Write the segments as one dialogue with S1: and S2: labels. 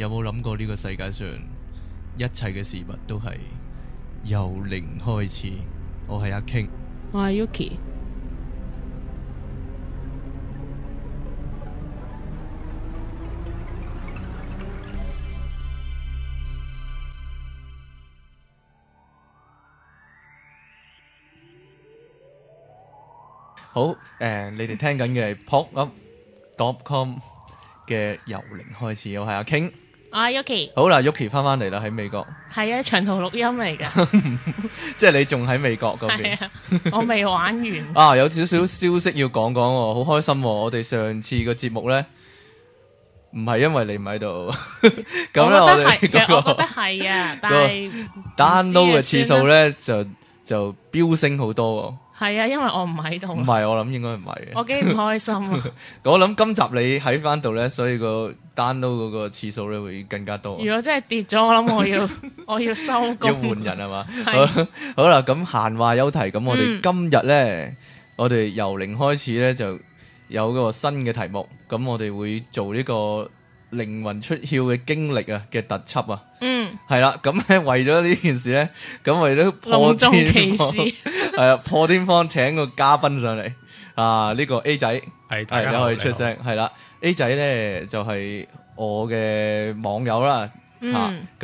S1: 有冇諗過呢個世界上一切嘅事物都係由零開始？我係阿 King，
S2: 我係
S3: Yuki。
S1: 好，誒、呃，你哋聽緊嘅係 pop up dot com 嘅由零開始，我係阿 King。
S3: 阿 Yuki，好
S1: 啦，Yuki 翻翻嚟啦，喺美國。
S3: 係啊，長途錄音嚟噶。
S1: 即係你仲喺美國，嗰邊。
S3: 我未玩完。
S1: 啊，有少少消息要講講，哦，好開心，哦。我哋上次個節目咧，唔係因為你唔喺度，咁 咧呢我哋覺得係、那個，啊， 但係是 download 嘅次數咧 就就飆升好多，哦。
S3: 係啊，因為我唔喺度。唔係，
S1: 我諗應該唔係。我幾唔開心。 我諗今集你喺翻度咧，所以個 download 嗰個次數咧會更加多。 如果
S3: 真係跌咗，我諗我要 我要收工。要換人係
S1: 嘛 係？好啦，咁閒話休題，咁我哋今日咧，嗯、我哋由零開始咧就有個新嘅題目，咁我哋會做呢、這個。靈魂出竅嘅經歷啊嘅特輯啊，輯啊
S2: 嗯，
S1: 係啦，咁咧為咗呢件事咧，咁為咗破天，係啊， 破天荒請個嘉賓上嚟啊，呢、這個 A 仔係、大家好、係你可以出聲，係啦好，A 仔咧就係、是、我嘅網友啦，吓咁、嗯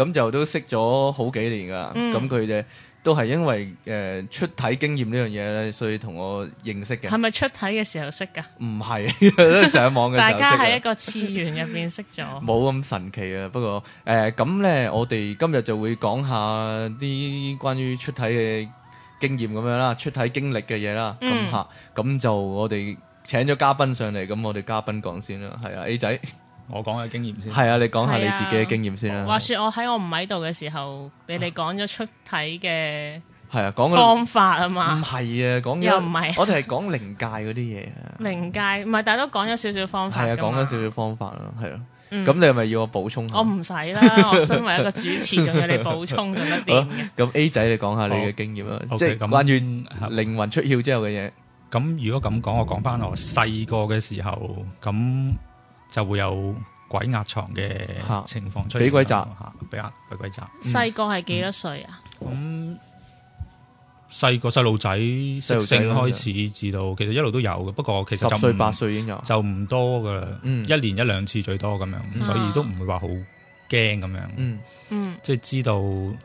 S1: 啊、就都識咗好幾年噶啦，咁佢哋。嗯都係因為誒出體經驗呢樣嘢咧，所以同我認識嘅。係咪
S3: 出體嘅時候識噶？
S1: 唔係不是，喺 上網嘅。 大家喺
S3: 一個次元入邊識咗。
S1: 冇咁 神奇啊！不過誒，咁、呃、咧我哋今日就會講下啲關於出體嘅經驗咁樣啦，出體經歷嘅嘢啦。咁吓咁就我哋請咗嘉賓上嚟，咁我哋嘉賓講先啦。係啊，A 仔。我講下經驗先，係啊，你講下你自己嘅經驗先啦。話
S3: 說我喺我唔喺度嘅時候，你哋講咗出體嘅
S1: 係啊，講方法啊嘛，唔係啊，講又唔係，我哋係講靈界嗰啲嘢。
S3: 靈界唔係，但係都講咗少少方法。係啊，講咗少
S1: 少方法咯，係咯。咁你係咪要我補充下？我唔使啦，我身為一個主持，仲要你補充，做得掂
S4: 嘅。咁 A 仔，你講下你嘅經驗啦，即係關於靈魂出竅之後嘅嘢。咁如果咁講，我講翻我細個嘅時候咁。就會有鬼壓床嘅情況出現，俾鬼責吓，俾壓俾鬼責。細
S3: 個係幾多歲啊？咁
S4: 細個細路仔，細路仔開始至到，其實一路都有嘅。不過其實十歲八歲已經有，就唔多噶啦。一年一兩次最多咁樣，所以都唔會話好驚咁樣。即係知道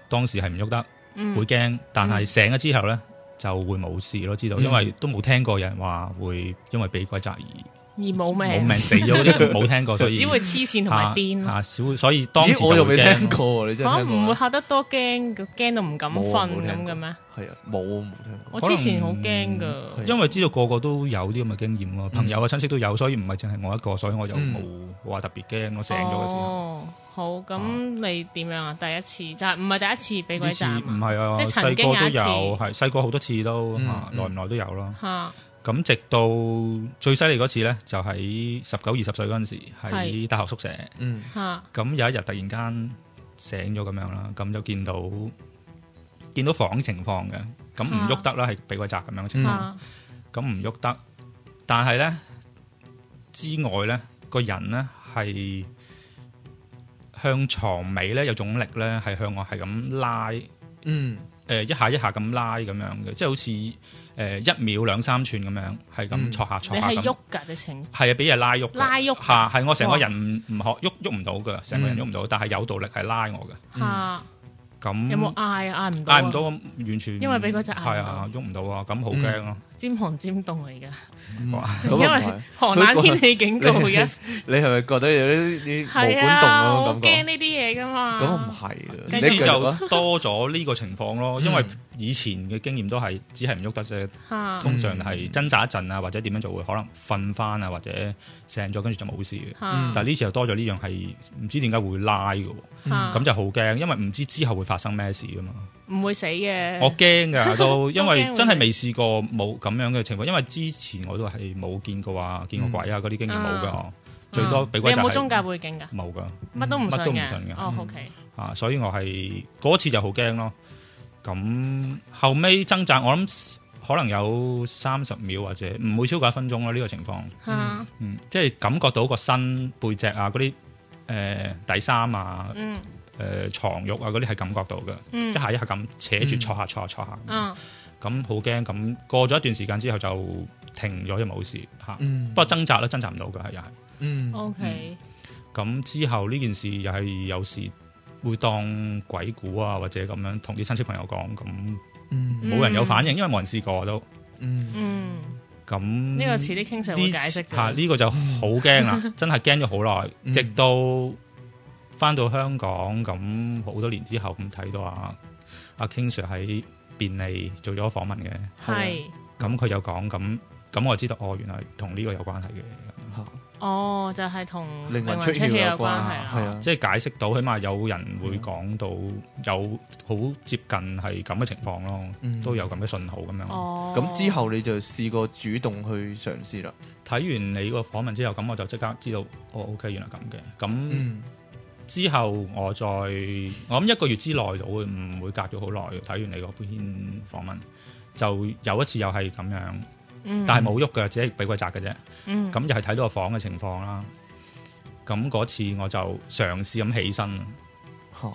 S4: 當時係唔喐得，會驚，但係醒咗之後咧就會冇事咯。知道，因為都冇聽過人話會因為俾鬼責而
S3: 而冇命，死咗啲冇聽過，只會黐線同埋癲吓，
S4: 少，所以當時我又未聽過，你真係唔會
S3: 嚇得多驚，驚到唔敢瞓咁嘅咩？係啊，
S4: 冇我
S3: 之前好驚噶，
S4: 因為知道個個都有啲咁嘅經驗咯，朋友啊、親戚都有，所以唔係淨係我一個，所以我就冇話特別驚。我醒咗嗰時，
S3: 好咁你點樣啊？第一次就係唔係第一次俾鬼打？呢次唔
S4: 係啊，即係曾經都有，係細個好多次都，耐唔耐都有咯。咁直到最犀利嗰次咧，就喺十九二十歲嗰陣時，喺大學宿舍。嗯，嚇。咁有一日突然間醒咗咁樣啦，咁就見到見到房情況嘅，咁唔喐得啦，係俾個責咁樣嘅情況。咁唔喐得，但係咧之外咧，個人咧係向牀尾咧有種力咧係向外係咁拉。嗯。誒、呃、一下一下咁拉咁樣嘅，即係好似誒、呃、一秒兩三吋咁樣，係咁挫下挫下你係喐
S3: 㗎隻鰭？
S4: 係啊，俾人拉喐。拉喐嚇，係、啊、我成個人唔唔可喐喐唔到嘅，成個人喐唔到，但係有動力係拉我嘅嚇。咁、嗯、樣有冇嗌啊？嗌
S3: 唔到？嗌唔到？
S4: 完全因為俾嗰隻嗌。係啊，喐唔到啊，咁好驚咯！
S3: 尖寒尖凍嚟噶，哇因為寒冷天氣警告嘅
S4: 你係咪覺得有啲啲血管凍咁
S1: 嘅感覺、啊、嘛？咁唔係啊。
S3: 呢次續就
S4: 多咗呢個情況咯，嗯、因為以前嘅經驗都係只係唔喐得啫，
S3: 啊、
S2: 通常
S4: 係掙扎一陣啊，或者點樣就會可能瞓翻啊，或者醒咗，跟住就冇事嘅。啊啊、但呢次又多咗呢樣係唔知點解會拉
S2: 嘅，咁
S4: 就好驚，因為唔知之後會發生咩事㗎嘛。
S3: 唔會死嘅，我
S4: 驚噶都，因為真係未試過冇咁樣嘅情況， 因為之前我都係冇見過啊，見過鬼啊嗰啲、嗯、經驗冇噶，嗯、最多俾鬼。你有冇宗教背景㗎？冇噶，
S3: 乜都唔乜都唔信㗎。哦，OK，
S4: 啊，所以我係嗰次就好驚咯。咁後尾掙扎，我諗可能有三十秒或者唔會超過一分鐘啦、啊。呢、呢個情況，嗯，嗯，嗯，即係感覺到個身背脊啊嗰啲，誒底衫啊，呃、啊嗯。誒，床褥啊，嗰啲係感覺到噶，一下一下咁扯住坐下坐下坐下，咁好驚。咁過咗一段時間之後就停咗，又冇事吓。不過掙扎都掙扎唔到噶，係又係。嗯
S2: ，OK。
S4: 咁之後呢件事又係有時，會當鬼故啊，或者咁樣同啲親戚朋友講，咁冇人有反應，因為冇人試過都。嗯嗯，咁呢個遲
S3: 啲傾上會解釋吓，呢個
S4: 就好驚啦，真係驚咗好耐，直到。翻到香港咁好多年之後，咁睇到阿阿 King Sir 喺便利做咗訪問嘅，係咁佢就講咁，咁我知道哦，原來同呢個有關係嘅，
S3: 的哦，就係同靈
S4: 魂出竅有關係係啊，即係解釋到起碼有人會講到有好接近係咁嘅情況咯，嗯、都有咁嘅信號咁樣，嗯、哦，咁之後你就試過主動去嘗試啦。睇完你個訪問之後，咁我就即刻知道，哦，OK，原來咁嘅，咁。嗯之後我再我諗一個月之內就會唔會隔咗好耐？睇完你嗰篇訪問，就有一次又係咁樣，
S2: 嗯、但係冇
S4: 喐嘅，只係俾鬼砸嘅啫。咁、嗯、又係睇到個房嘅情況啦。咁嗰次我就嘗試咁起身，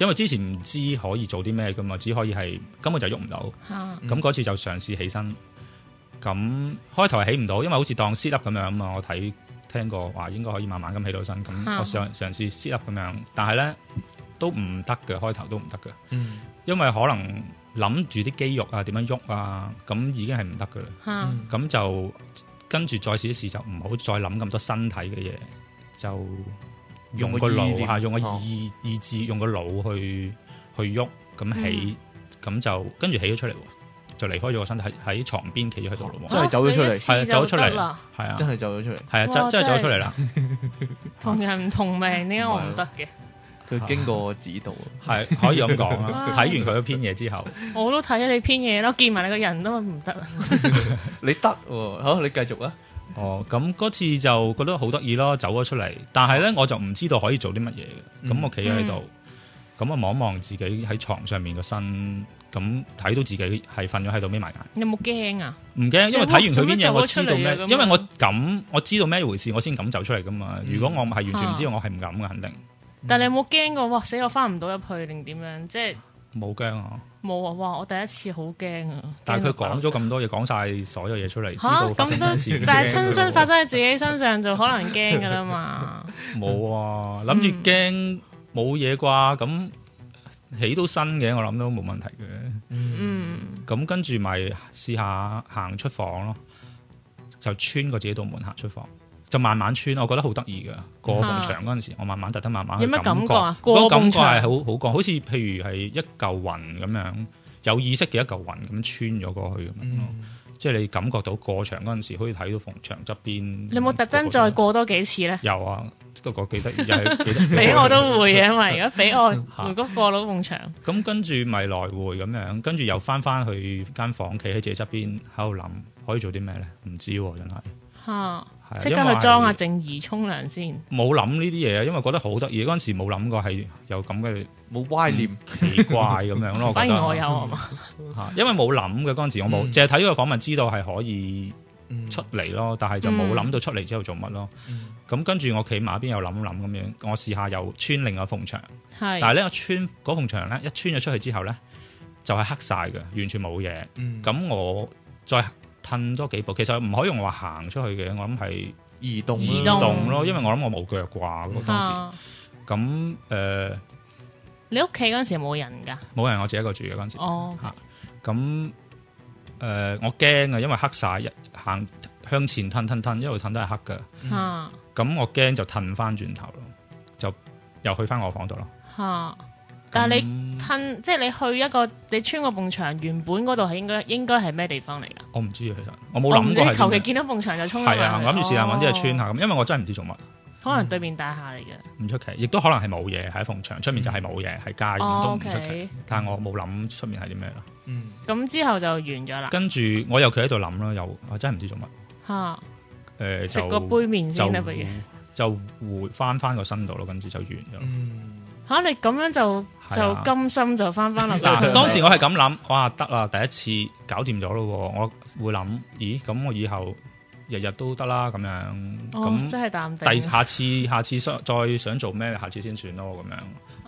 S4: 因為之前唔知可以做啲咩嘅嘛，只可以係根本就喐唔到。咁嗰、嗯、次就嘗試起身，咁開頭係起唔到，因為好似當 sit up 咁樣啊嘛。我睇。聽過話應該可以慢慢咁起到身，咁我嘗嘗試 sit up 咁樣，但係咧都唔得嘅，開頭都唔得嘅，嗯、因為可能諗住啲肌肉啊點樣喐啊，咁已經係唔得噶啦，咁、嗯、就跟住再試一試就唔好再諗咁多身體嘅嘢，就用個腦啊，用個意意志，用個腦去去喐，咁起，咁、嗯、就跟住起咗出嚟。就離開咗個身體喺床邊企咗喺度咯，真係
S2: 走咗出嚟，係啊，走咗出嚟，係啊，真
S4: 係走咗出嚟，係
S2: 啊，真真係走出嚟啦。同
S3: 人唔同命，點解我唔得嘅？
S4: 佢經過指導，係可以咁講
S1: 啦。
S3: 睇完
S4: 佢嗰篇嘢之後，
S3: 我都睇咗你篇嘢啦，見埋你個人都唔得，
S4: 你得喎，好，你繼續啊。哦，咁嗰次就覺得好得意咯，走咗出嚟，但係咧我就唔知道可以做啲乜嘢。咁我企喺度，咁啊望望自己喺床上面個身，咁睇到自己係瞓咗喺度眯埋眼，
S3: 有冇驚啊？唔
S4: 驚，因為睇完佢邊嘢，我知道咩。因為我敢，我知道咩回事，我先敢走出嚟噶嘛。嗯、如果我唔係完全唔知道，啊、我係唔敢噶，肯定。
S3: 但係你有冇驚過？哇！死我翻唔到入去定點樣？即係冇驚啊！冇啊！哇！我第一次好驚啊！但係佢講咗
S4: 咁多嘢，講晒所有嘢出嚟，知道發生、啊、但係親身發生
S3: 喺自己身上， 就可能驚噶啦嘛。
S4: 冇 啊！諗住驚冇嘢啩？咁。嗯起到身嘅，我諗都冇問題嘅。嗯，咁、嗯、跟住咪試下行出房咯，就穿過自己道門行出房，就慢慢穿。我覺得好得意㗎，過逢牆嗰陣時，我慢慢特登慢慢去。有咩感覺啊？感覺係好好過蜂，好似譬如係一嚿雲咁樣，有意識嘅一嚿雲咁穿咗過去咁樣咯。嗯嗯即係你感覺到過牆嗰陣時，可以睇到逢牆側邊。你
S3: 冇特登再過多幾次咧？
S4: 有啊，不過記得，又係記得。俾 我都
S3: 會嘅，因為如果俾我， 如果過到逢牆，咁跟住
S4: 咪來回咁樣，跟住又翻翻去間房，企喺自己側邊喺度諗，可以做啲咩咧？唔知真係。
S3: 啊！即刻去裝下靜怡，沖涼先。
S4: 冇諗呢啲嘢啊，因為覺得好得意。嗰陣時冇諗過係有咁嘅冇歪念奇怪咁樣咯。反而我有因為冇諗嘅嗰陣時，我冇淨係睇咗個訪問，知道係可以出嚟咯。但係就冇諗到出嚟之後做乜咯。咁跟住我企埋一邊又諗諗咁樣，我試下又穿另外一埲牆。但係呢，我穿嗰埲牆咧，一穿咗出去之後咧，就係黑晒嘅，完全冇嘢。咁我再。褪多幾步，其實唔可以用話行出去嘅。我諗係移動移動咯，因為我諗我冇腳啩。哈當時咁誒，
S3: 呃、你屋企嗰時冇人噶，
S4: 冇人，我自己一個住嘅嗰時哦。咁、okay、誒、呃，我驚啊，因為黑晒，一行向前褪褪褪一路褪都係黑噶。吓咁、嗯、哈我驚就褪翻轉頭咯，就又去翻我房度咯。
S3: 吓。但係你吞，即係你去一個，你穿個埲牆，原本嗰度係應該應該係咩地方嚟噶？
S4: 我唔知，其實我冇諗過。我求其見
S3: 到埲牆就衝。係啊，我諗住時間搵啲嘢穿
S4: 下，咁、哦、因為我真係唔知做乜。
S3: 可能對面大廈嚟嘅。
S4: 唔出、嗯、奇，亦都可能係冇嘢喺埲牆，出面就係冇嘢，係街都唔出奇。哦 okay、但係我冇諗出面係啲咩啦。
S3: 咁、嗯、之後就完咗啦。
S4: 跟住我又企喺度諗啦，又我真係唔知做乜。
S3: 吓哈。
S4: 誒、呃，食個杯麵先啦，不就，就，就回翻翻個身度咯，跟住就完咗。
S3: 吓、嗯，你咁樣就就甘心就翻翻
S4: 落去。 當時我係咁諗，哇得啦，第一次搞掂咗咯。我會諗，咦咁我以後日日都得啦，咁樣。
S3: 哦，樣真係淡定。第下
S4: 次下次，下次再想做咩，下次先算咯咁樣。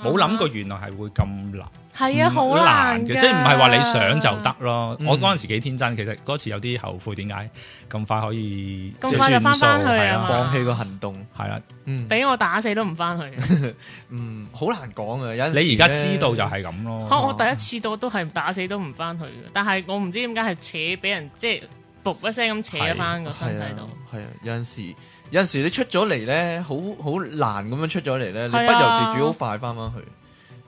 S4: 冇諗、啊、過原來係會咁難。係啊的，好不難嘅，即係唔係話你想就得咯？嗯、我嗰陣時幾天真，其實嗰次有啲後悔，點解咁快可以轉數放棄個行動？係啦，
S3: 俾我打死都唔翻去。
S4: 嗯，好難講嘅，有你而家知道就係咁咯。吓， 我第一
S3: 次到都係打死都唔翻去，但係我唔知點解係扯俾人，即係噗一聲咁扯翻個身體度。係啊，啊，啊，
S1: 有陣時，有陣時你出咗嚟咧，好好難咁樣出咗嚟咧，你不由自主好快翻翻去。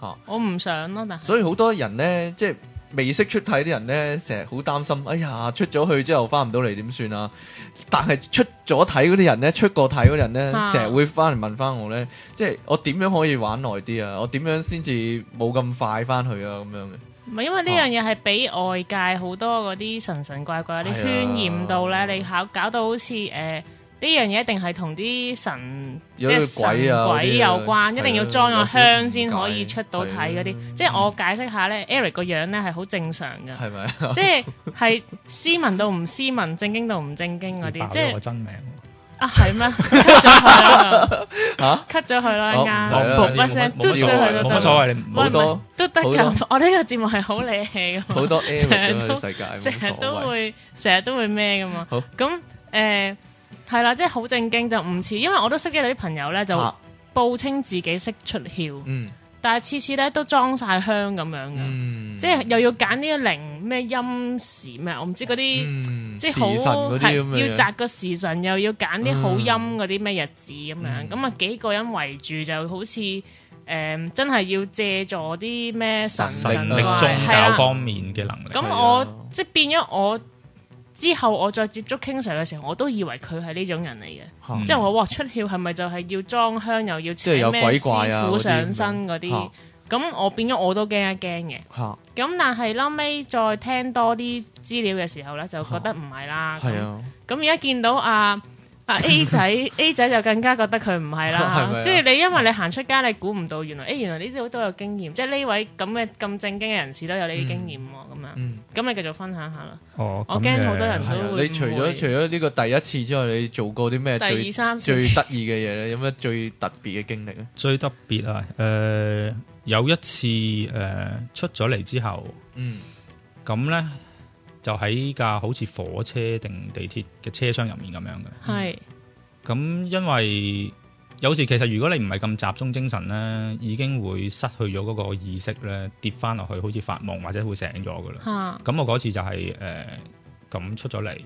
S1: 吓、
S3: 啊，啊、我唔想咯，但係所
S1: 以好多人咧，即係。未識出體啲人咧，成日好擔心。哎呀，出咗去之後翻唔到嚟點算啊？但係出咗體嗰啲人咧，出過體嗰啲人咧，成日會翻嚟問翻我咧，啊、即係我點樣可以玩耐啲啊？我點樣先至冇咁快翻去啊？咁
S2: 樣嘅，
S3: 唔係因為呢樣嘢係俾外界好多嗰啲神神怪怪啲渲染到咧，是啊、你考搞，搞到好似誒。呃呢樣嘢一定係同啲神即係鬼鬼有關，一定要裝個香先可以出到睇嗰啲。即係我解釋下咧，Eric 個樣咧係好正常噶，係咪？即係係斯文到唔斯文，正經到唔正經嗰啲。即係真名啊，係咩？吓 cut 咗佢啦，依家嘟咗佢都得，冇乜所謂。都得，我呢個節目係好理氣噶，好多成日都成日都會成日都會咩噶嘛。咁誒。係啦，即係好正經就唔似，因為我都識嘅有啲朋友咧，就報稱自己識出竅，但係次次咧都裝晒香咁樣嘅，即係又要揀啲靈咩陰時咩，我唔知嗰啲，即係好要摘個時辰，又要揀啲好陰嗰啲咩日子咁樣，咁啊幾個人圍住就好似誒真係要借助啲咩神神宗教方
S4: 面嘅能力，咁我
S3: 即係變咗我。之後我再接觸 King Sir 嘅時候，我都以為佢係呢種人嚟嘅，即係我哇出竅係咪就係要裝香又要請咩鬼師傅上身嗰啲？咁我變咗我都驚一驚嘅。咁但係後屘再聽多啲資料嘅時候咧，就覺得唔係啦。咁而家見到阿阿 A 仔，A 仔就更加覺得佢唔係啦。即係你因為你行出街，你估唔到原來誒原來呢啲都有經驗，即係呢位咁嘅咁正經嘅人士都有呢啲經驗喎。咁你繼續分享下啦。哦嗯、我
S1: 驚好多人都會。啊、你除咗會除咗呢個第一次之外，你做過啲咩？
S4: 第
S3: 二三次最得
S1: 意嘅嘢咧， 有咩最特別嘅經歷咧？
S4: 最特別啊！誒、呃，有一次誒、呃、出咗嚟之後，
S3: 嗯，
S4: 咁咧就喺架好似火車定地鐵嘅車廂入面咁樣嘅。
S3: 係是。
S4: 咁、嗯、因為。有時其實如果你唔係咁集中精神咧，已經會失去咗嗰個意識咧，跌翻落去好似發夢或者會醒咗嘅啦。咁、啊、我嗰次就係誒咁出咗嚟，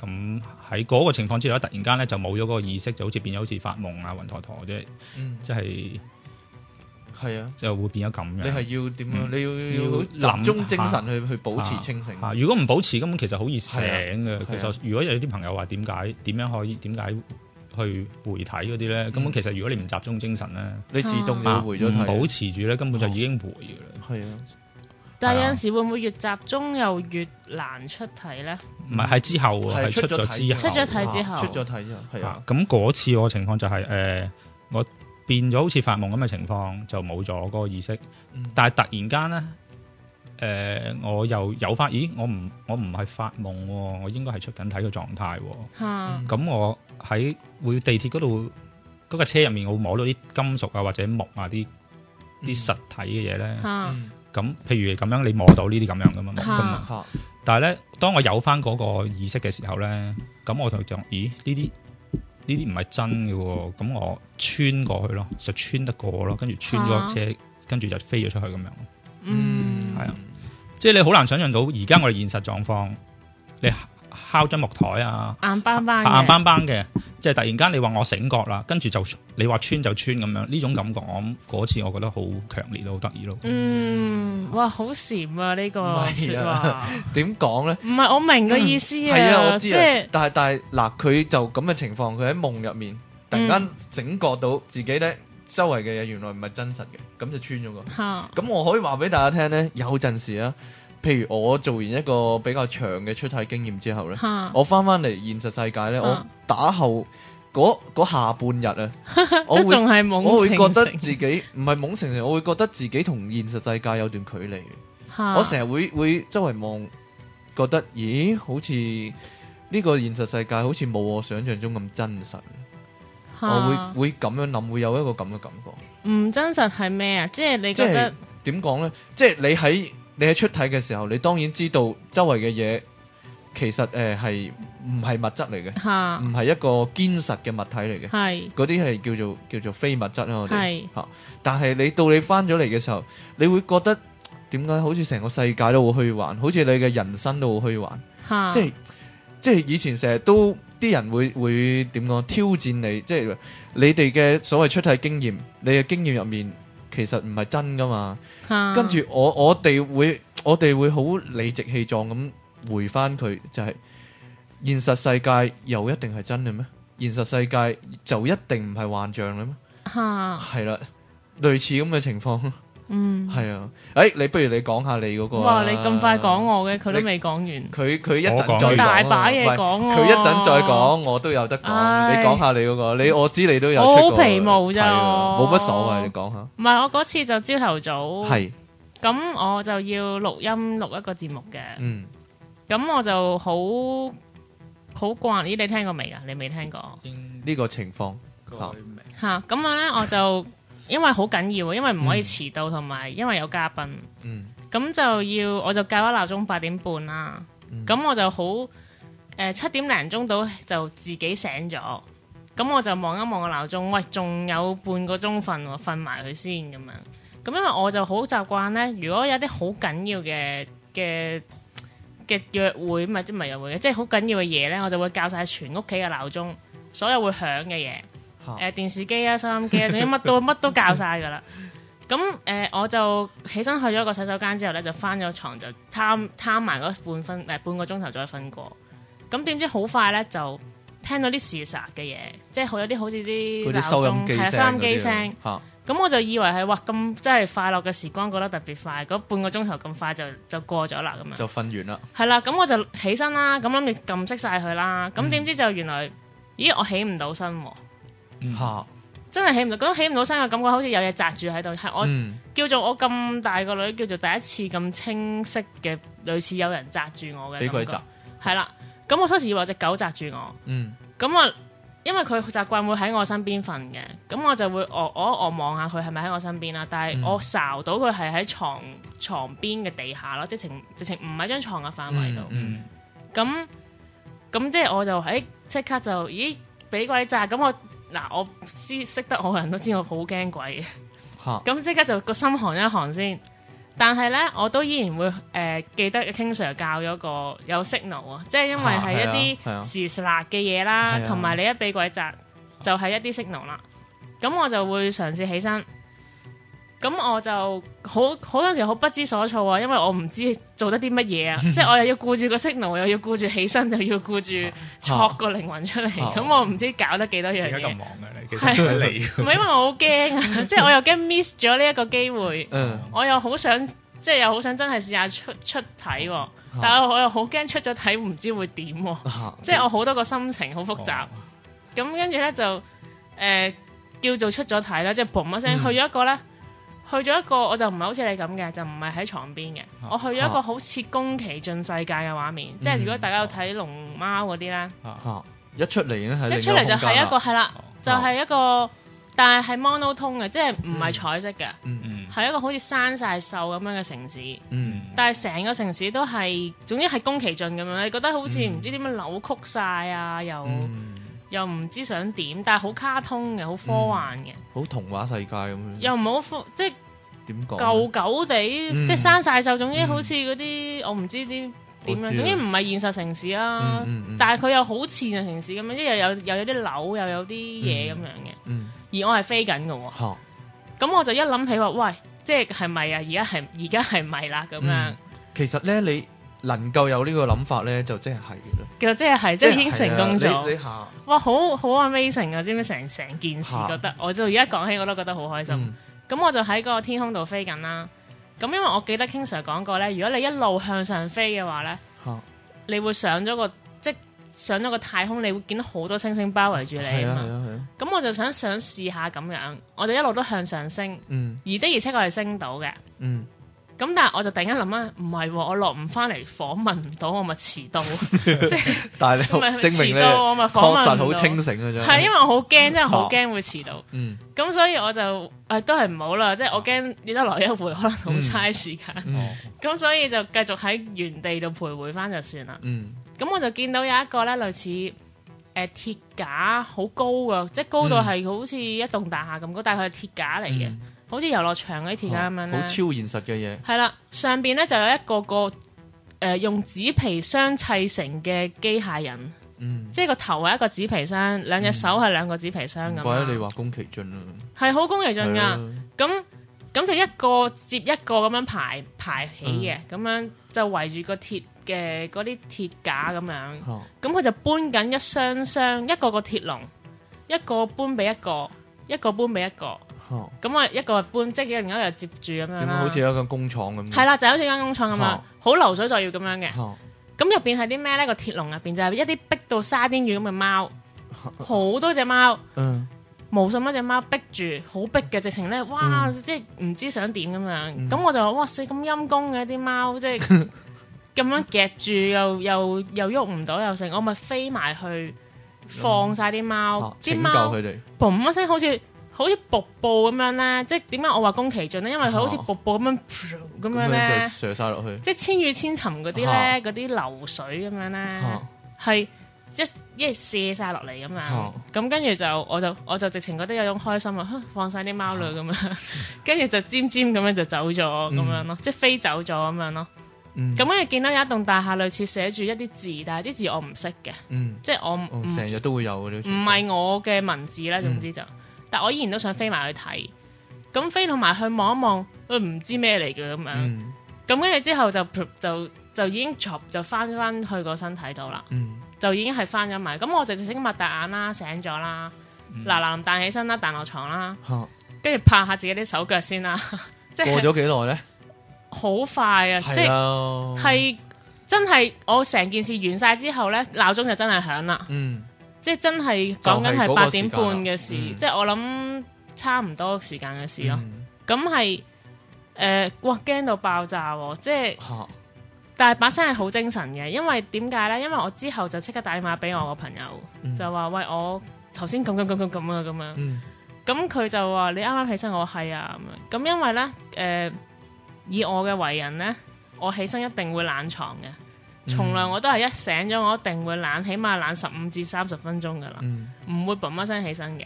S4: 咁喺嗰個情況之下，突然間咧就冇咗嗰個意識，就好似變咗好似發夢啊、暈陀陀啫，即係係啊，嗯、就會變咗咁樣。你係要點樣？你要要集中精神去、啊、去保持清醒。啊啊啊、如果唔保持，根本其實好易醒嘅。啊啊、其實如果有啲朋友話點解點樣可以點解？去回體嗰啲咧，根本其實如果你唔集中精神咧，你、嗯啊、自動要回咗，啊、保持住咧根本就已經回噶啦。係啊，啊但係有陣
S3: 時會唔會越集中又越難出體咧？
S4: 唔係係之後係出咗之後，出咗體之
S3: 後，啊、出咗體之後
S1: 係啊。
S4: 咁嗰、啊、次我情況就係、是、誒、呃，我變咗好似發夢咁嘅情況，就冇咗嗰個意識，嗯、但係突然間咧。誒、呃，我又有返，咦？我唔，我唔係發夢喎、啊，我應該係出緊體嘅狀態喎、啊。嚇、嗯！咁我喺會地鐵嗰度，嗰、那、架、個、車入面，我摸到啲金屬啊，或者木啊啲啲實體嘅嘢咧。嚇、嗯！咁、嗯、譬如咁樣，你摸到這這、嗯、呢啲咁樣噶嘛？嚇！但係咧，當我有翻嗰個意識嘅時候咧，咁我就就咦？呢啲呢啲唔係真嘅喎、哦。咁我穿過去咯，就穿得過咯，跟住穿咗車，跟住就飛咗出去咁樣。嗯，係啊，即係你好難想象到而家我哋現實狀況，你敲張木枱啊，
S3: 硬邦邦嘅，硬邦
S4: 邦嘅，即係突然間你話我醒覺啦，跟住就你話穿就穿咁樣，呢種感覺我，我諗嗰次我覺得好強烈都好得意咯。嗯，
S3: 哇，好閃啊呢、這個說話，
S4: 點講咧？
S3: 唔係我明嘅意思 啊，即係、就是，
S1: 但係但係嗱，佢就咁嘅情況，佢喺夢入面突然間醒覺到自己咧。嗯周圍嘅嘢原來唔係真實嘅，咁就穿咗個。咁哈我可以話俾大家聽呢，有陣時啊，譬如，我做完一個比較長嘅出體經驗之後呢，哈我翻翻嚟現實世界呢，哈我打後嗰下半日啊， 我仲係懵，我會覺得自己唔係懵成成，我會覺得自己同現實世界有段距離。哈我成日會會周圍望，覺得咦，好似呢個現實世界好似冇我想象中咁真實。我會會咁樣諗，會有一個咁嘅感覺。
S3: 唔真實係咩啊？即係你覺得
S1: 點講呢？即係你喺你喺出體嘅時候，你當然知道周圍嘅嘢，其實誒係唔係物質嚟嘅，唔係是一個堅實嘅物體嚟嘅。係嗰啲係叫做叫做非物質啊！我哋係吓，是但係你到你翻咗嚟嘅時候，你會覺得點解好似成個世界都好虛幻，好似你嘅人生都好虛幻，即係是。就是即係以前成日都啲人會會點講挑戰你，即係你哋嘅所謂出體經驗，你嘅經驗入面其實唔係真㗎嘛？啊、跟住我我哋會我哋會好理直氣壯咁回返佢，就係、是、現實世界又一定係真嘅咩？現實世界就一定唔係幻象嘅咩？係啦、啊，類似咁嘅情況。嗯，係啊，誒，你不如你講下你嗰個。哇，你咁快講
S3: 我嘅，佢都未講完。
S1: 佢佢一陣再講，大把嘢講我。佢一陣再講我都有得講，你講下你嗰個，你我知你都有。我好皮
S3: 毛咋，冇乜所謂，你講下。唔係，我嗰次就朝頭早。係，咁我就要錄音錄一個節目嘅。嗯，咁我就好好慣。咦，你聽過未噶？你未聽過
S1: 呢個情況？吓
S3: 吓，咁我咧我就。因為好緊要，因為唔可以遲到同埋，嗯、因為有嘉賓，咁、嗯、就要我就校咗鬧鐘八點半啦。咁、嗯、我就好，誒七點零鐘到就自己醒咗。咁我就望一望個鬧鐘，喂仲有半個鐘瞓，瞓埋佢先咁樣。咁因為我就好習慣呢，如果有啲好緊要嘅嘅嘅約會，唔即唔係約會，即係好緊要嘅嘢呢，我就會校晒全屋企嘅鬧鐘，所有會響嘅嘢。誒電視機啊，收音機啊，總之乜都乜都教晒噶啦。咁誒，我就起身去咗個洗手間之後咧，就翻咗床，就貪貪埋嗰半分誒半個鐘頭再瞓過。咁點知好快咧，就聽到啲事實嘅嘢，即係好有啲好似啲收音機收音機聲。嚇！咁我就以為係哇咁，即係快樂嘅時光過得特別快，嗰半個鐘頭咁快就就過咗啦，咁啊。就瞓完啦。係啦，咁我就起身啦，咁諗住撳熄晒佢啦。咁點知就原來咦，我起唔到身喎。吓，嗯、真係起唔到，起唔到身嘅感覺，好似有嘢扎住喺度。係我、嗯、叫做我咁大個女，叫做第一次咁清晰嘅，類似有人扎住我嘅感覺。俾鬼扎，係啦了。咁我初時以為隻狗扎住我，咁我因為佢習慣會喺我身邊瞓嘅，咁我就會我我我望下佢係咪喺我身邊啦。但係我睄到佢係喺床床邊嘅地下咯，直情直情唔喺張床嘅範圍度。咁咁、嗯嗯嗯嗯、即係我就喺即刻就，咦？俾鬼扎？咁我。嗱，我知識，識得我嘅人都知我好驚鬼嘅，咁即、啊、刻就個心寒一寒先。但係呢，我都依然會誒、呃、記得 King Sir 教咗個有 signal 啊，即係因為係一啲時辣嘅嘢啦，同埋、啊、你一俾鬼襲，就係、是、一啲 signal 啦。咁我就會嘗試起身。咁我就好好多時好不知所措啊，因為我唔知做得啲乜嘢啊，即係我又要顧住個訊號，又要顧住起身，又要顧住托個靈魂出嚟。咁我唔知搞得幾多嘢，而家咁忙
S2: 嘅你，唔
S3: 係，因為我好驚啊，即係我又驚 miss 咗呢一個機會。我又好想，即係又好想真係試下出出體，但係我又好驚出咗體唔知會點，即係我好多個心情好複雜。咁跟住咧就誒叫做出咗體啦，即係嘭一聲去咗一個咧。去咗一個，我就唔係好似你咁嘅，就唔係喺床邊嘅。我去咗一個好似宮崎駿世界嘅畫面，即係如果大家有睇龍貓嗰啲咧，
S1: 嚇一出嚟咧，係一出嚟就係一個係
S3: 啦，就係一個，但係係 monotone 嘅，即係唔係彩色嘅，嗯嗯，係一個好似生晒鏽咁樣嘅城市，嗯，但係成個城市都係，總之係宮崎駿咁樣，你覺得好似唔知點樣扭曲晒啊又。又唔知想點，但係好卡通嘅，好科幻嘅，
S1: 好、嗯、童話世界咁樣。
S3: 又唔好即係點講？舊舊地，即係、嗯、生晒壽，總之好似嗰啲我唔知啲點樣，總之唔係現實城市啦、啊。嗯嗯嗯、但係佢又好似個城市咁樣，一又有又有啲樓，又有啲嘢咁樣嘅。嗯嗯、而我係飛緊嘅，咁、嗯、我就一諗起話：喂，即係係咪啊？而家係而家係咪啦？咁樣、
S1: 嗯、其實咧，你，能夠有個呢個諗法咧，就即係係啦。
S3: 其實即係係，即係已經成功咗。就是、哇，好好 amazing 啊，知唔知成成件事覺得，啊、我就而家講起我都覺得好開心。咁、嗯、我就喺個天空度飛緊啦。咁因為我記得 King Sir 講過咧，如果你一路向上飛嘅話咧，啊、你會上咗個即係上咗個太空，你會見到好多星星包圍住你啊咁、啊啊啊、我就想想試下咁樣，我就一路都向上升。嗯、而的而且確係升到嘅。嗯。咁但係我就突然間諗啊，唔係喎，我落唔翻嚟，訪問唔到，我咪遲到，即係 是證明你遲到我訪問唔到，咧。精神好清醒啊，係因為好驚，真係好驚會遲到。咁所以我就誒、啊、都係唔好啦，即、就、係、是、我驚你得來一回可能好嘥時間。咁、嗯嗯、所以就繼續喺原地度徘徊翻就算啦。咁、嗯、我就見到有一個咧類似。誒、呃，鐵架好高嘅，即係高度係好似一棟大廈咁高，但係佢係鐵架嚟嘅，嗯、好似遊樂場啲鐵架咁樣好、哦、超
S1: 現實嘅嘢。係
S3: 啦，上邊咧就有一個個，誒、呃、用紙皮箱砌，砌成嘅機械人，
S1: 嗯，
S3: 即係個頭係一個紙皮箱，兩隻手係兩個紙皮箱咁。怪得你
S1: 話宮崎駿啊，
S3: 係好宮崎駿㗎，咁咁了就一個接一個咁樣排排起嘅，咁、嗯、樣就圍住個鐵。嘅嗰啲鐵架咁樣，咁佢就搬緊一箱箱一個個鐵籠，一個搬俾一個，一個搬俾一個，咁啊一個搬即係另一個又接住咁樣啦，好似
S1: 有間工廠咁樣。係啦，就
S3: 係好似間工廠咁樣，好流水作業咁樣嘅。咁入邊係啲咩咧？個鐵籠入邊就係一啲逼到沙丁魚咁嘅貓，
S2: 好
S3: 多隻貓，無數蚊隻貓逼住，好逼嘅，直情咧哇，即係唔知想點咁樣。咁我就話哇，死，咁陰公嘅啲貓，即係。咁樣夾住又又又喐唔到又成。我咪飛埋去放晒啲貓，啲貓，嘣一聲好似好似瀑布咁樣咧，即係點解我話宮崎駿咧？因為佢好似瀑布咁樣咁樣咧，
S1: 射晒落
S2: 去，
S3: 即係千與千尋嗰啲咧，嗰啲流水咁樣咧，係即係一係射晒落嚟咁樣，咁跟住就我就我就直情覺得有種開心啊！放晒啲貓女咁樣，跟住就尖尖咁樣就走咗咁樣咯，即係飛走咗咁樣咯。咁跟住見到有一棟大廈，類似寫住一啲字，但係啲字我唔識嘅，即係我成日
S1: 都會有嗰啲字。唔係
S3: 我嘅文字啦，總之就，但我依然都想飛埋去睇。咁飛到埋去望一望，佢唔知咩嚟嘅咁樣。咁跟住之後就就就已經 drop 就翻翻去個身體度啦，就已經係翻咗埋。咁我就直情擘大眼啦，醒咗啦，嗱嗱咁彈起身啦，彈落床啦，跟住拍下自己啲手腳先啦。即係過咗幾耐咧？好快啊！即係真係，我成件事完晒之後呢，鬧鐘就真係響啦。嗯，即係真係講緊係八點半嘅事，即係我諗差唔多時間嘅事咯。咁係誒，哇驚到爆炸，即係，但係把聲係好精神嘅，因為點解呢？因為我之後就即刻打電話俾我個朋友，就話喂，我頭先咁咁咁咁咁啊咁啊。咁佢就話你啱啱起身，我係啊咁樣。咁因為呢。誒。以我嘅為人呢，我起身一定會懶床嘅，從來我都係一醒咗我一定會懶，起碼懶十五至三十分鐘噶啦，唔會嘣一聲起身嘅。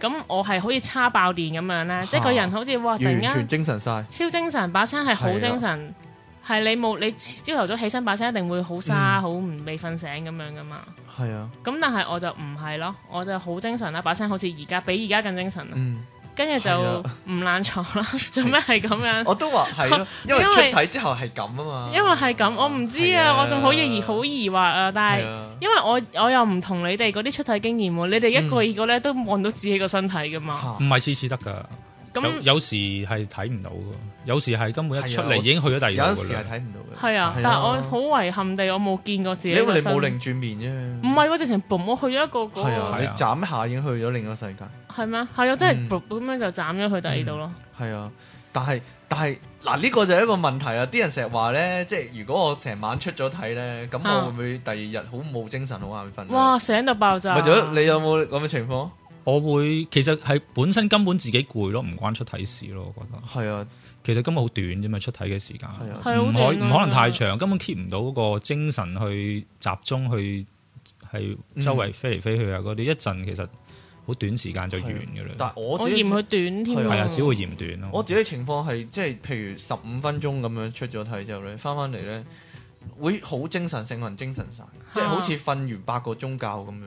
S3: 咁我係可以叉爆電咁樣呢？即係個人好似哇突然間
S1: 精神晒，超
S3: 精神，把聲係好精神，係你冇你朝頭早起身把聲一定會好沙好唔未瞓醒咁樣噶嘛。係啊，咁但係我就唔係咯，我就好精神啦，把聲好似而家比而家更精神。跟住就唔懶床啦，做咩係咁樣？ 我都話係咯， 因，為因為出體
S1: 之後係咁啊嘛。因
S3: 為係咁，我唔知啊，對了 我仲好疑好疑惑啊。但係對了 因為我我又唔同你哋嗰啲出體經驗，你哋一個二個咧、嗯、都望到自己個身體噶嘛，
S4: 唔係次次得噶。咁那有時係睇唔到嘅，有時係根本一出嚟、啊、已經去咗第二度嘅啦。
S3: 係
S1: 睇唔到嘅。係啊，啊但係我好
S3: 遺憾地，我冇見過自己。因為你冇擰
S4: 轉面啫。
S3: 唔係喎，直情嘣，我去咗一個、那個。係啊，啊你
S1: 斬一下已經去咗另一個世界。
S3: 係咩？係啊，即係嘣咁樣就斬、是、咗、嗯、去第二度咯。
S1: 係、嗯嗯、啊，但係但係嗱，呢、啊呢個就係一個問題啊！啲人成日話咧，即係如果我成晚出咗睇咧，咁我會唔會第二日好冇精神，好眼瞓？哇！
S3: 醒到爆炸。唔係咗
S1: 你有冇咁嘅情況？
S4: 我會其實係本身根本自己攰咯，唔關出體事咯，我覺得。係啊，其實根本好短啫嘛，出體嘅時間。係啊，唔可唔、啊、可能太長，啊、根本 keep 唔到嗰個精神去集中去係周圍、嗯、飛嚟飛去啊嗰啲，一陣其實好短時間就完噶啦、啊。但我，我嫌佢
S1: 短
S3: 添。係啊，只會嫌短咯。我，我
S4: 自
S1: 己情況係即係
S4: 譬如十五分鐘咁樣出咗
S1: 體之後咧，翻翻嚟咧會好精神，醒神精神晒，即係、啊、好似瞓完八個鐘覺咁樣。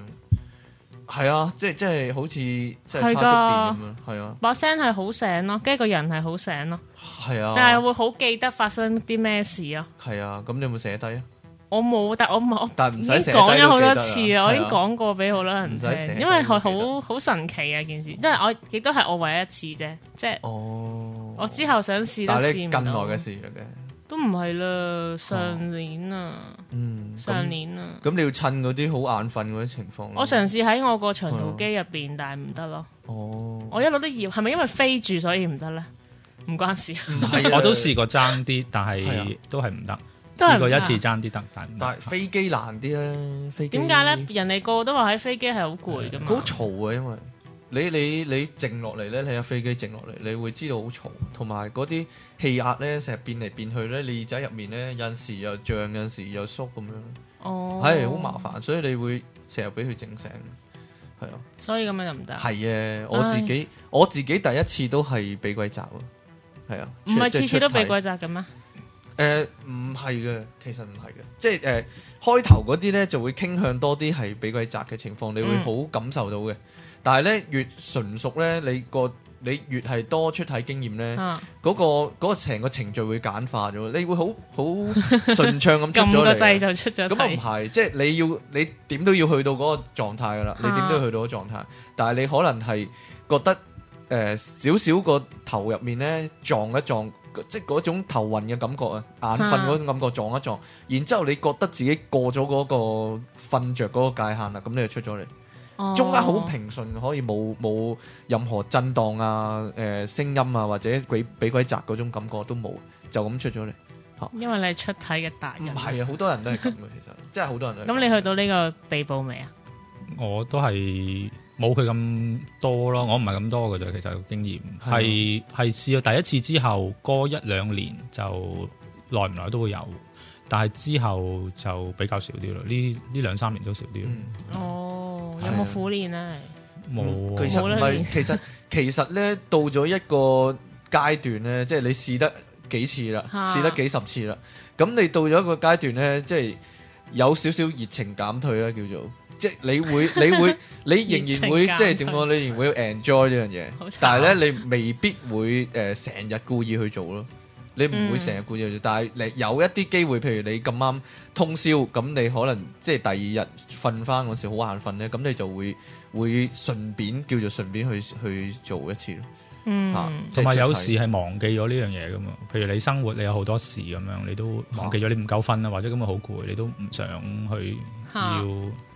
S1: 係啊，即係即係好似即係觸電咁啊！係
S3: 啊，把聲係好醒咯，跟住個人係好醒咯，
S1: 係啊，但係
S3: 會好記得發生啲咩事啊？
S1: 係啊，咁你有冇寫低啊？
S3: 我冇，但我冇，但係唔使講咗好多次啊！我已經講過俾好多人，唔使寫，因為佢好好神奇嘅件事，因為我亦都係我唯一一次啫，即係哦，我之後想試都試唔到。都唔係啦，上年啊，嗯、上年啊，
S1: 咁你要趁嗰啲好眼
S4: 瞓嗰啲情況、
S1: 啊。我嘗試喺我個長途機
S3: 入邊，啊、但係唔得咯。哦，我一路都要，係咪因為飛住所以唔得咧？唔關事。唔係、啊，
S4: 我都試過爭啲，但係、啊、都係唔得。都試過一次爭啲得，但係飛機難啲啊。飛
S3: 點解咧？人哋個個都話喺飛機係好攰噶嘛。好
S1: 嘈啊，因為、啊。你你你靜落嚟咧，你架飛機靜落嚟，你會知道好嘈，同埋嗰啲氣壓咧，成日變嚟變去咧，你耳仔入面咧，有陣時又脹，有陣時又縮咁樣。哦，係好、哎、麻煩，所以你會成日俾佢整醒，係啊。
S3: 所以咁樣就唔得。係啊，我自己
S1: 唉我自己第一次都係俾鬼砸咯，係啊。唔係次次都俾鬼砸噶咩？誒、呃，唔係嘅，其實唔係嘅，即係誒開頭嗰啲咧就會傾向多啲係俾鬼砸嘅情況，你會好感受到嘅。嗯但係咧，越純熟咧，你個你越係多出體經驗咧，嗰個嗰個成個程序會簡化咗，你會好好順暢咁撳咗個掣就出咗嚟。咁唔係，即係你要你點都要去到嗰個狀態噶啦，你點都要去到嗰狀態。但係你可能係覺得誒少少個頭入面咧撞一撞，即係嗰種頭暈嘅感覺啊，眼瞓嗰種感覺撞一撞，然之後你覺得自己過咗嗰個瞓著嗰個界限啦，咁你就出咗嚟。中間好平順，可以冇冇任何震盪啊，誒、呃、聲音啊或者鬼俾鬼砸嗰種感覺都冇，就咁出咗嚟。啊、
S3: 因為你係出體嘅達人係啊，好、
S1: 啊、多人都係咁嘅，其實，即係好多人都咁。你去
S3: 到呢個地步未啊？
S4: 我都係冇佢咁多咯，我唔係咁多嘅啫。其實經驗係係試咗第一次之後，過一兩年就耐唔耐都會有，但係之後就比較少啲咯。呢呢兩三年都少啲哦。嗯嗯
S3: 有冇苦練啊？冇，其實唔係，
S4: 其實其實咧，
S1: 到咗一個階段咧，即係你試得幾次啦，試得幾十次啦，咁你到咗一個階段咧，即係有少少熱情減退啦，叫做，即係你會你會你仍然會即係點講？你仍然會 enjoy 呢樣嘢，但係咧你未必會誒成日故意去做咯。你唔會成日顧住，但係你有一啲機會，譬如你咁啱通宵，咁你可能即係第二日瞓翻嗰時好眼瞓咧，咁你就會會順便叫做順便去去做一次咯。嗯，同
S2: 埋、啊就係就係、有時
S4: 係忘記咗呢樣嘢噶嘛，譬如你生活你有好多事咁樣，你都忘記咗你唔夠瞓啦，或者今日好攰，你都唔想去要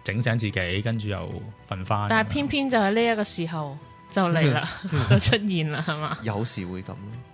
S4: 整醒自己，跟住又瞓翻。嗯、但係偏
S3: 偏就喺呢一個時候就嚟啦， 就出現啦，係嘛？
S4: 有時會咁。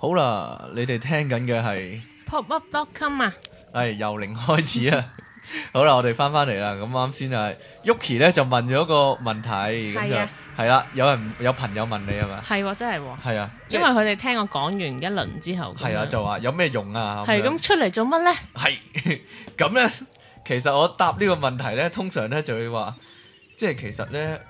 S1: 好啦，你哋聽緊嘅係
S3: popup.com 啊，
S1: 係由零開始啊。好啦，我哋翻翻嚟啦。咁啱先就係 Yuki 咧，就問咗個問題，係啊，係啦，有人有朋友問你係咪？
S3: 係喎，真係喎，
S1: 係啊，因為
S3: 佢哋聽我講完一輪之後，係啊，就
S1: 話有咩用啊？係咁
S3: 出嚟做乜咧？係
S1: 咁咧，其實我答呢個問題咧，通常咧就會話，即係其實咧。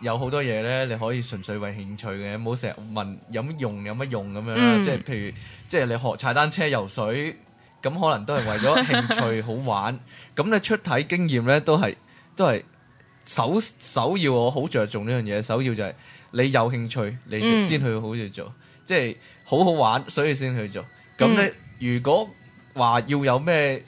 S1: 有好多嘢咧，你可以純粹為興趣嘅，冇成日問有乜用,有用，有乜用咁樣啦。即係譬如，即係你學踩單車、游水，咁可能都係為咗興趣好玩。咁 你出體經驗咧，都係都係首首要我好着重呢樣嘢。首要就係你有興趣，你先去好做。即係好好玩，所以先去做。咁咧，如果話要有咩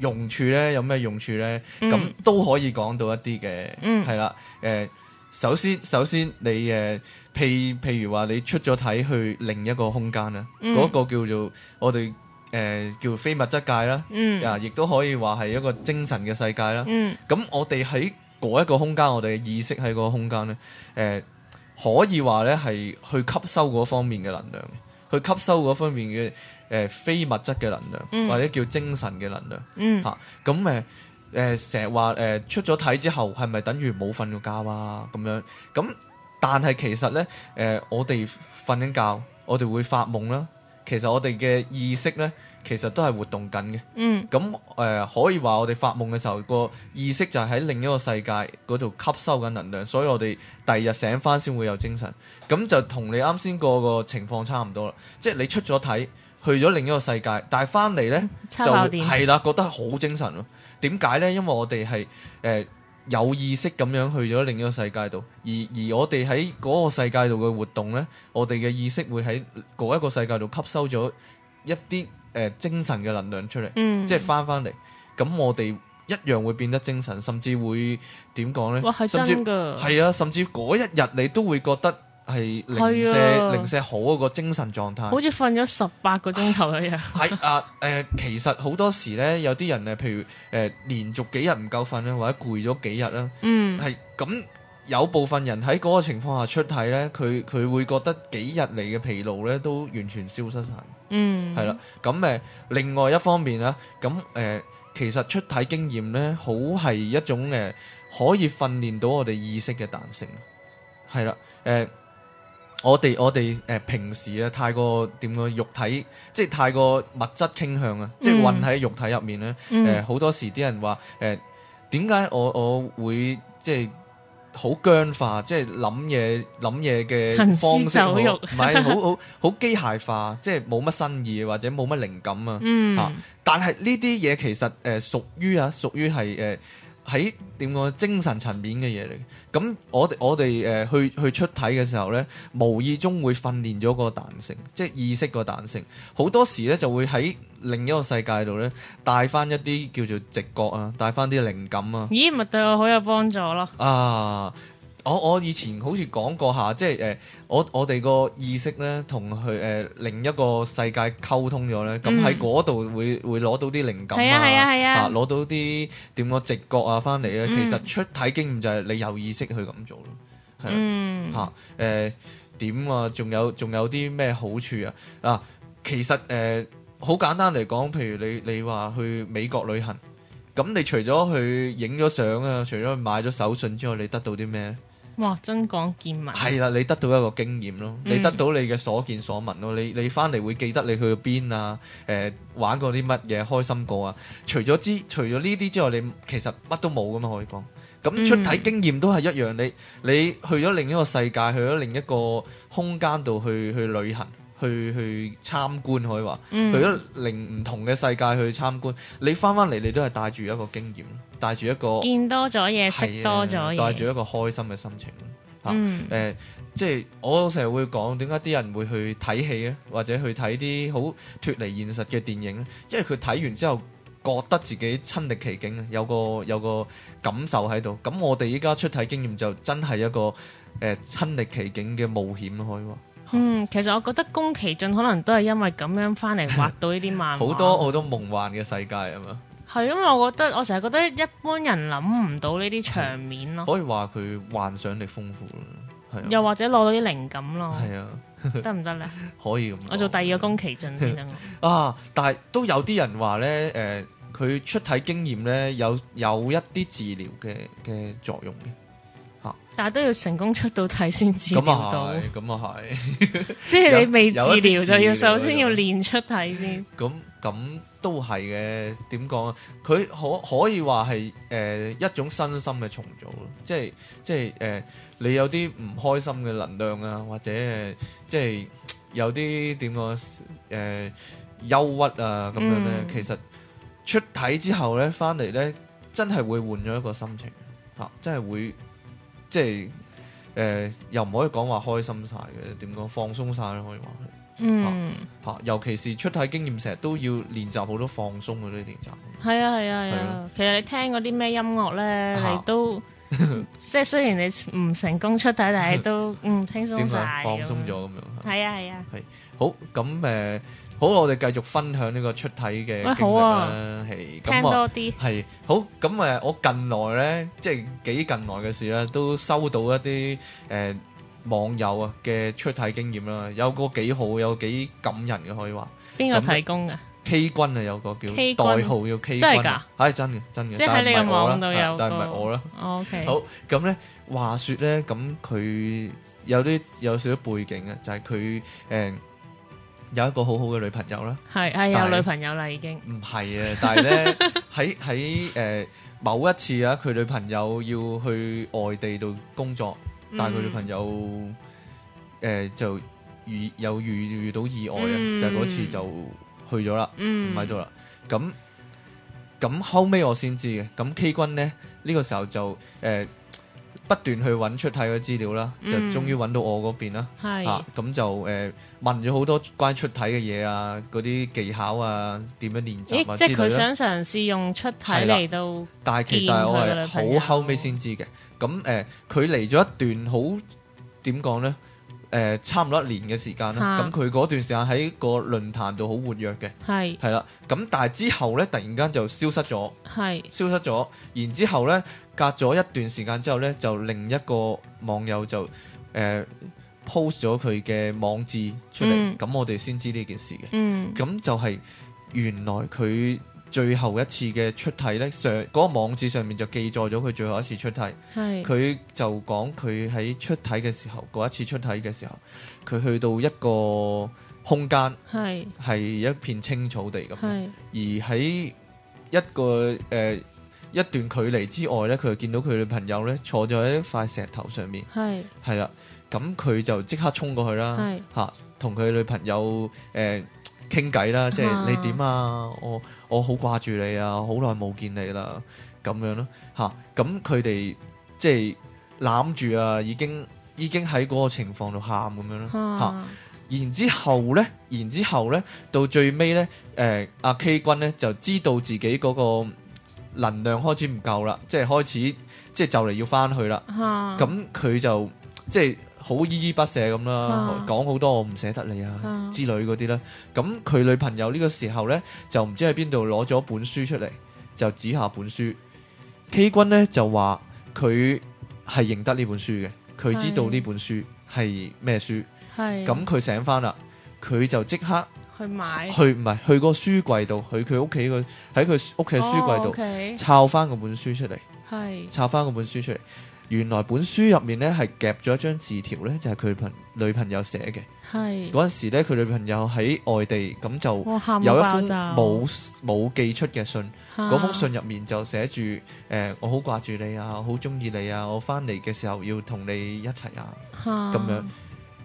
S1: 用處咧，有咩用處咧，咁都可以講到一啲嘅，嗯。嗯，係啦，誒。首先，首先你誒、呃，譬譬如話，你出咗體去另一個空間咧，嗰、嗯、個叫做我哋誒、呃、叫非物質界啦，啊、嗯，亦都可以話係一個精神嘅世界啦。咁、嗯、我哋喺嗰一個空間，我哋嘅意識喺個空間咧，誒、呃、可以話咧係去吸收嗰方面嘅能量，去吸收嗰方面嘅誒、呃、非物質嘅能量，嗯、或者叫精神嘅能量。嗯，嚇咁誒。誒，成日話誒，出咗體之後係咪等於冇瞓過覺啊咁樣？咁但係其實咧誒、呃，我哋瞓緊覺，我哋會發夢啦。其實我哋嘅意識咧，其實都係活動緊嘅。嗯。咁誒、呃、可以話我哋發夢嘅時候個意識就喺另一個世界嗰度吸收緊能量，所以我哋第二日醒翻先會有精神。咁就同你啱先個個情況差唔多啦。即係你出咗體。去咗另一個世界，但係翻嚟呢就係啦，覺得好精神咯。點解呢？因為我哋係誒有意識咁樣去咗另一個世界度，而而我哋喺嗰個世界度嘅活動呢，我哋嘅意識會喺嗰一個世界度吸收咗一啲誒精神嘅能量出嚟，即係翻翻嚟，咁我哋一樣會變得精神，甚至會點講呢？哇，係真噶，係啊，甚至嗰一日你都會覺得。係零舍、啊、零舍好嗰個精神狀態，好
S3: 似瞓咗十八個鐘頭一樣。係 啊，
S1: 誒、呃，其實好多時咧，有啲人咧，譬如誒、呃，連續幾日唔夠瞓咧，或者攰咗幾日啦、啊，嗯，係咁，有部分人喺嗰個情況下出體咧，佢佢會覺得幾日嚟嘅疲勞咧都完全消失晒，嗯，係啦、啊，咁、呃、誒，另外一方面咧，咁、呃、誒，其實出體經驗咧，好係一種誒、呃，可以訓練到我哋意識嘅彈性，係啦、啊，誒、呃。呃我哋我哋誒平時啊，太過點個肉體，即係太過物質傾向啊，即係混喺肉體入面咧。誒好多時啲人話誒點解我我會即係好僵化，即係諗嘢諗嘢嘅方式，行屍走肉，唔係好好好機械化，即係冇乜新意或者冇乜靈感啊。嚇、嗯啊！但係呢啲嘢其實誒屬於啊，屬於係誒。喺點講精神層面嘅嘢嚟，咁我我哋誒、呃、去去出體嘅時候咧，無意中會訓練咗個彈性，即係意識個彈性，好多時咧就會喺另一個世界度咧帶翻一啲叫做直覺啊，帶翻啲靈感啊，
S3: 咦，咪對我好有幫助咯
S1: 啊！我、哦、我以前好似講過下，即係誒、呃，我我哋個意識咧同佢誒另一個世界溝通咗咧，咁喺嗰度會會攞到啲靈感啊，攞到啲點講直覺啊翻嚟啊，啊，啊，啊，啊，其實出體經驗就係你有意識去咁做咯，
S2: 係啊
S1: 嚇誒點啊？仲有仲有啲咩好處啊？嗱，其實誒好簡單嚟講，譬如你你話去美國旅行，咁你除咗去影咗相啊，除咗去買咗手信之外，你得到啲咩？
S3: 哇！增廣見聞係
S1: 啦，你得到一個經驗咯，你得到你嘅所見所聞咯，嗯、你你翻嚟會記得你去過邊啊？誒、呃，玩過啲乜嘢，開心過啊？除咗之，除咗呢啲之外，你其實乜都冇㗎嘛？可以講，咁出體經驗都係一樣，嗯、你你去咗另一個世界，去咗另一個空間度去去旅行。去去參觀可以話，嗯、去咗另唔同嘅世界去參觀，嗯、你翻翻嚟你都係帶住一個經驗，帶住一個見
S3: 多咗嘢，食多咗嘢，帶住一
S1: 個開心嘅心情。嗯，即係、啊呃就是、我成日會講，點解啲人會去睇戲咧，或者去睇啲好脫離現實嘅電影咧？因為佢睇完之後，覺得自己親歷其境啊，有個有個感受喺度。咁我哋依家出體經驗就真係一個誒親歷其境嘅冒險可以話。
S3: 嗯，其實我覺得宮崎駿可能都係因為咁樣翻嚟，畫到呢啲漫畫，好 多
S1: 好多夢幻嘅世界啊嘛。
S3: 係，因為我覺得我成日覺得一般人諗唔到呢啲場面咯。 可
S1: 以話佢幻想力豐富咯，係、啊、又
S3: 或者攞到啲靈感咯，係啊，得唔得咧？ 可以咁。我做第二個宮崎駿先得。
S1: 啊，但係都有啲人話咧，誒、呃，佢出體經驗咧有有，有一啲治療嘅嘅作用嘅。
S3: 但係都要成功出到體先治療到，咁啊係，即係你未治療就要首先要練出體先。
S1: 咁咁都係嘅，點講啊？佢可可以話係誒一種身心嘅重組咯，即係即係誒你有啲唔開心嘅能量啊，或者即係有啲點講誒憂鬱啊咁樣咧，其實出體之後咧翻嚟咧，真係會換咗一個心情，啊，真係會。即係誒，又唔可以講話開心晒嘅，點講，放鬆晒咧可以話係，嗯吓，尤其是出體經驗，成日都要練習好多放鬆嘅咧練習。係啊
S3: 係啊係啊，其實你聽嗰啲咩音樂咧，你都即係雖然你唔成功出體，但係都嗯輕鬆晒，放鬆咗咁樣。係啊係啊，
S1: 係好咁誒。好，我哋繼續分享呢個出體嘅經歷啦。係聽多啲，係好咁誒。我近來咧，即係幾近來嘅事啦，都收到一啲誒網友啊嘅出體經驗啦。有個幾好，有幾感人嘅可以話。
S3: 邊個提供
S1: 噶？K 君啊，有個叫代號叫 K 君。真係噶？唉真嘅，真嘅。即係喺你個網度有，但係唔係我啦。OK。好，咁咧，話說咧，咁佢有啲有少少背景啊，就係佢誒。有一個好好嘅女朋友啦，
S3: 係係有女朋友啦已經。唔
S1: 係啊，但係咧喺喺誒某一次啊，佢女朋友要去外地度工作，但係佢女朋友誒就遇有遇遇到意外啊，就係嗰次就去咗啦，唔喺度啦。咁咁後尾我先知嘅，咁 K 君咧呢個時候就誒。不斷去揾出體嘅資料啦，嗯、就終於揾到我嗰邊啦，嚇咁是、啊、就誒、呃、問咗好多關於出體嘅嘢啊，嗰啲技巧啊，點樣練習啊誒即係佢想
S3: 嘗試用出體嚟到的，見 但係其實我係好後
S1: 尾先知嘅。咁誒、哦，佢嚟咗一段好點講咧？誒、呃、差唔多一年嘅時間啦，咁佢嗰段時間喺個論壇度好活躍嘅，係啦是。咁但係之後呢，突然間就消失咗，是消失咗。然之後呢，隔咗一段時間之後呢，就另一個網友就誒、呃、post 咗佢嘅網誌出嚟，咁我哋先知呢件事嘅。咁、嗯、就係原來佢。最後一次嘅出體呢，上、那、嗰個網址上面就記載咗佢最後一次出體。係佢，是就講佢喺出體嘅時候，嗰一次出體嘅時候，佢去到一個空間，係係是一片青草地咁。
S3: 是
S1: 而喺一個誒、呃、一段距離之外呢，佢就見到佢女朋友呢坐咗喺一塊石頭上面。係係是啦，咁佢就即刻衝過去啦。係嚇，同佢女朋友誒。呃傾偈啦，即係你點啊？我我好掛住你啊，好耐冇見你啦，咁樣咯，吓，咁佢哋即係攬住啊，已經已經喺嗰個情況度喊咁樣咯，吓、啊啊，然之後咧，然之後咧，到最尾咧，誒、呃，阿 K 君咧就知道自己嗰個能量開始唔夠啦，即係開始即係、啊、就嚟要翻去啦，咁佢就即係。好依依不捨咁啦，講好、啊、多我唔捨得你啊，啊之類嗰啲啦。咁佢女朋友呢個時候呢，就唔知喺邊度攞咗本書出嚟，就指下本書。K 君呢，就話佢係認得呢本書嘅，佢知道呢本書係咩書。
S3: 係是。咁佢
S1: 醒翻啦，佢就即刻去，
S3: 去買去
S1: 唔係去個書櫃度，去佢屋企個喺佢屋企書櫃度抄翻嗰本書出嚟，係抄翻嗰本書出嚟。原來本書入面咧係夾咗一張字條咧，就係佢朋女朋友寫嘅。
S3: 係嗰陣
S1: 時咧，佢女朋友喺外地，咁就有一封冇冇寄出嘅信。嗰哇封信入面就寫住誒、呃，我好掛住你啊，好中意你啊，我返嚟嘅時候要同你一齊啊，咁哇樣。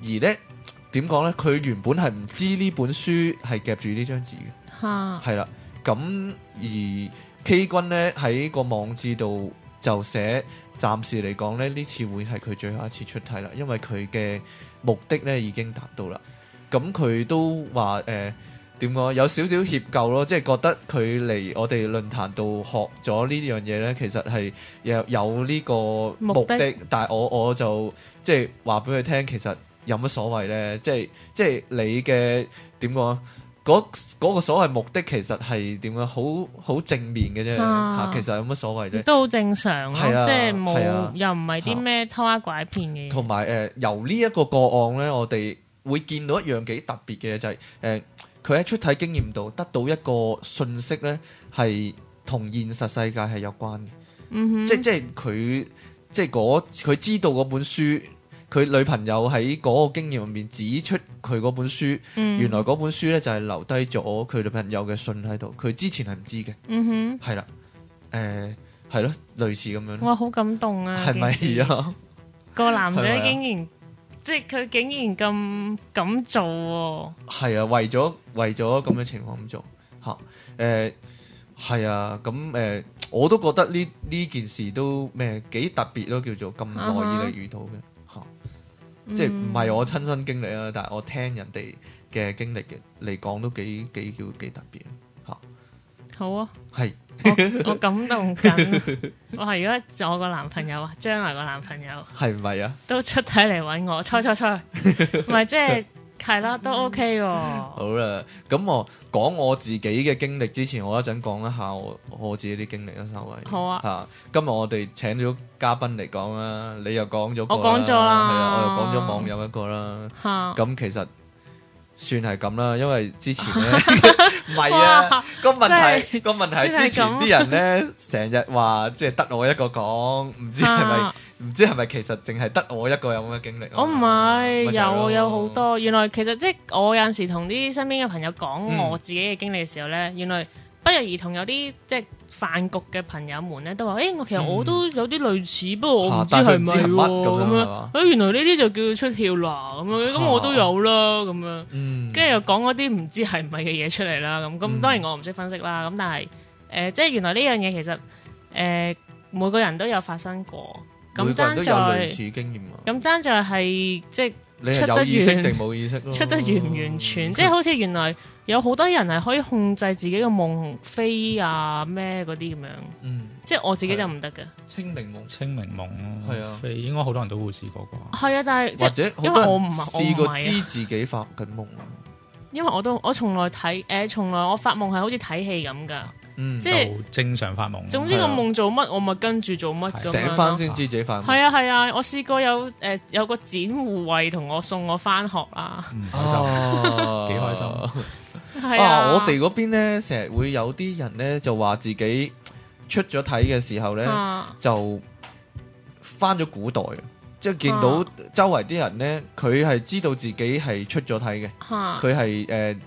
S1: 而咧點講咧，佢原本係唔知呢本書係夾住呢張紙嘅。係啦哇，咁而 K 君咧喺個網誌度就寫。暫時嚟講咧，呢次會係佢最後一次出體啦，因為佢嘅目的咧已經達到啦。咁佢都話誒點講，有少少歉疚咯，即係覺得佢嚟我哋論壇度學咗呢樣嘢咧，其實係有有呢個目的。目的，但係我我就即係話俾佢聽，其實有乜所謂咧？即係即係你嘅點講？嗰個所謂目的其實係點樣？好好正面嘅啫，嚇、啊！其實有乜所謂啫？都好
S3: 正常啊，即係冇又唔係啲咩偷啊、拐騙嘅。
S1: 同埋誒，由呢一個個案咧，我哋會見到一樣幾特別嘅就係、是、誒，佢、呃、喺出體經驗度得到一個信息咧，係同現實世界係有關嘅，嗯哼，即即係佢即係佢知道嗰本書。佢女朋友喺嗰個經驗入面指出佢嗰本書，嗯、原來嗰本書咧就係留低咗佢女朋友嘅信喺度。佢之前係唔知嘅，嗯哼，係啦，誒，係、呃、咯，類似咁樣。哇，
S3: 好感動啊！係咪啊？ 個男仔竟然，的即係佢竟然咁咁做、哦、做。
S1: 係啊，為咗為咗咁嘅情況咁做吓。誒，係啊，咁、呃、誒，我都覺得呢呢件事都咩幾特別咯，叫做咁耐以嚟遇到嘅。Uh huh. 即係唔係我親身經歷啦，但係我聽人哋嘅經歷嘅嚟講都幾幾叫幾特別吓。
S3: 啊好啊，係是我，我感動緊。 我係如果做我個男朋友，啊，將來個男朋友係唔係啊？都出體嚟搵我，猜猜猜，猜，唔係即係。就是係啦，都 OK 喎、嗯。
S1: 好啦，咁我講我自己嘅經歷之前，我一陣講一下我我自己啲經歷啦，稍微。好啊。吓，今日我哋請咗嘉賓嚟講啦，你又講咗，我講咗啦，係啦，我又講咗網友一個啦。吓、啊，咁其實算係咁啦，因為之前咧。 唔係啊，哇個問題是個問題之前啲人咧成日話，即係得我一個講，唔知係咪唔知係咪其實淨係得我一個有咁嘅經歷。我
S3: 唔係、哦、有就就有好多，原來其實即係我有陣時同啲身邊嘅朋友講我自己嘅經歷嘅時候咧，嗯、原來不約而同有啲即係。飯局嘅朋友們咧都話，誒、欸，我其實我都有啲類似，嗯、不過我唔知係咪、啊，咁樣，樣吧、欸，原來呢啲就叫出竅啦，咁樣，咁、啊、我都有啦，咁樣，跟住、嗯、又講嗰啲唔知係唔係嘅嘢出嚟啦，咁，咁當然我唔識分析啦，咁但係，誒、呃，即係原來呢樣嘢其實，誒、呃，每個人都有發生過，咁爭、啊嗯、在，經驗咁爭在係即係，你有意識定冇意識出得完唔完，完全，即係好似原來。啊啊啊啊啊有好多人係可以控制自己嘅夢飛啊咩嗰啲咁樣，嗯、即係我自己的就唔得嘅。清明夢，
S4: 清明夢咯、啊，係夢啊飛，應該好多人都會試過啩。係啊，但係或者好多人都試過知自己發緊夢、啊、
S3: 因為我都我從來睇，誒、呃、從來我發夢係好似睇戲咁㗎。嗯，即係
S4: 正常發夢。
S1: 總之個夢
S3: 做乜，我咪跟住做乜咁。醒翻先知
S4: 自己發
S1: 夢。係
S3: 啊，係啊，我試過有誒有個展護衛同我送我翻學啊，開
S1: 心，幾開心。啊，我哋嗰邊咧，成日會有啲人咧就話自己出咗體嘅時候咧，就翻咗古代，即係見到周圍啲人咧，佢係知道自己係出咗體嘅，佢係誒。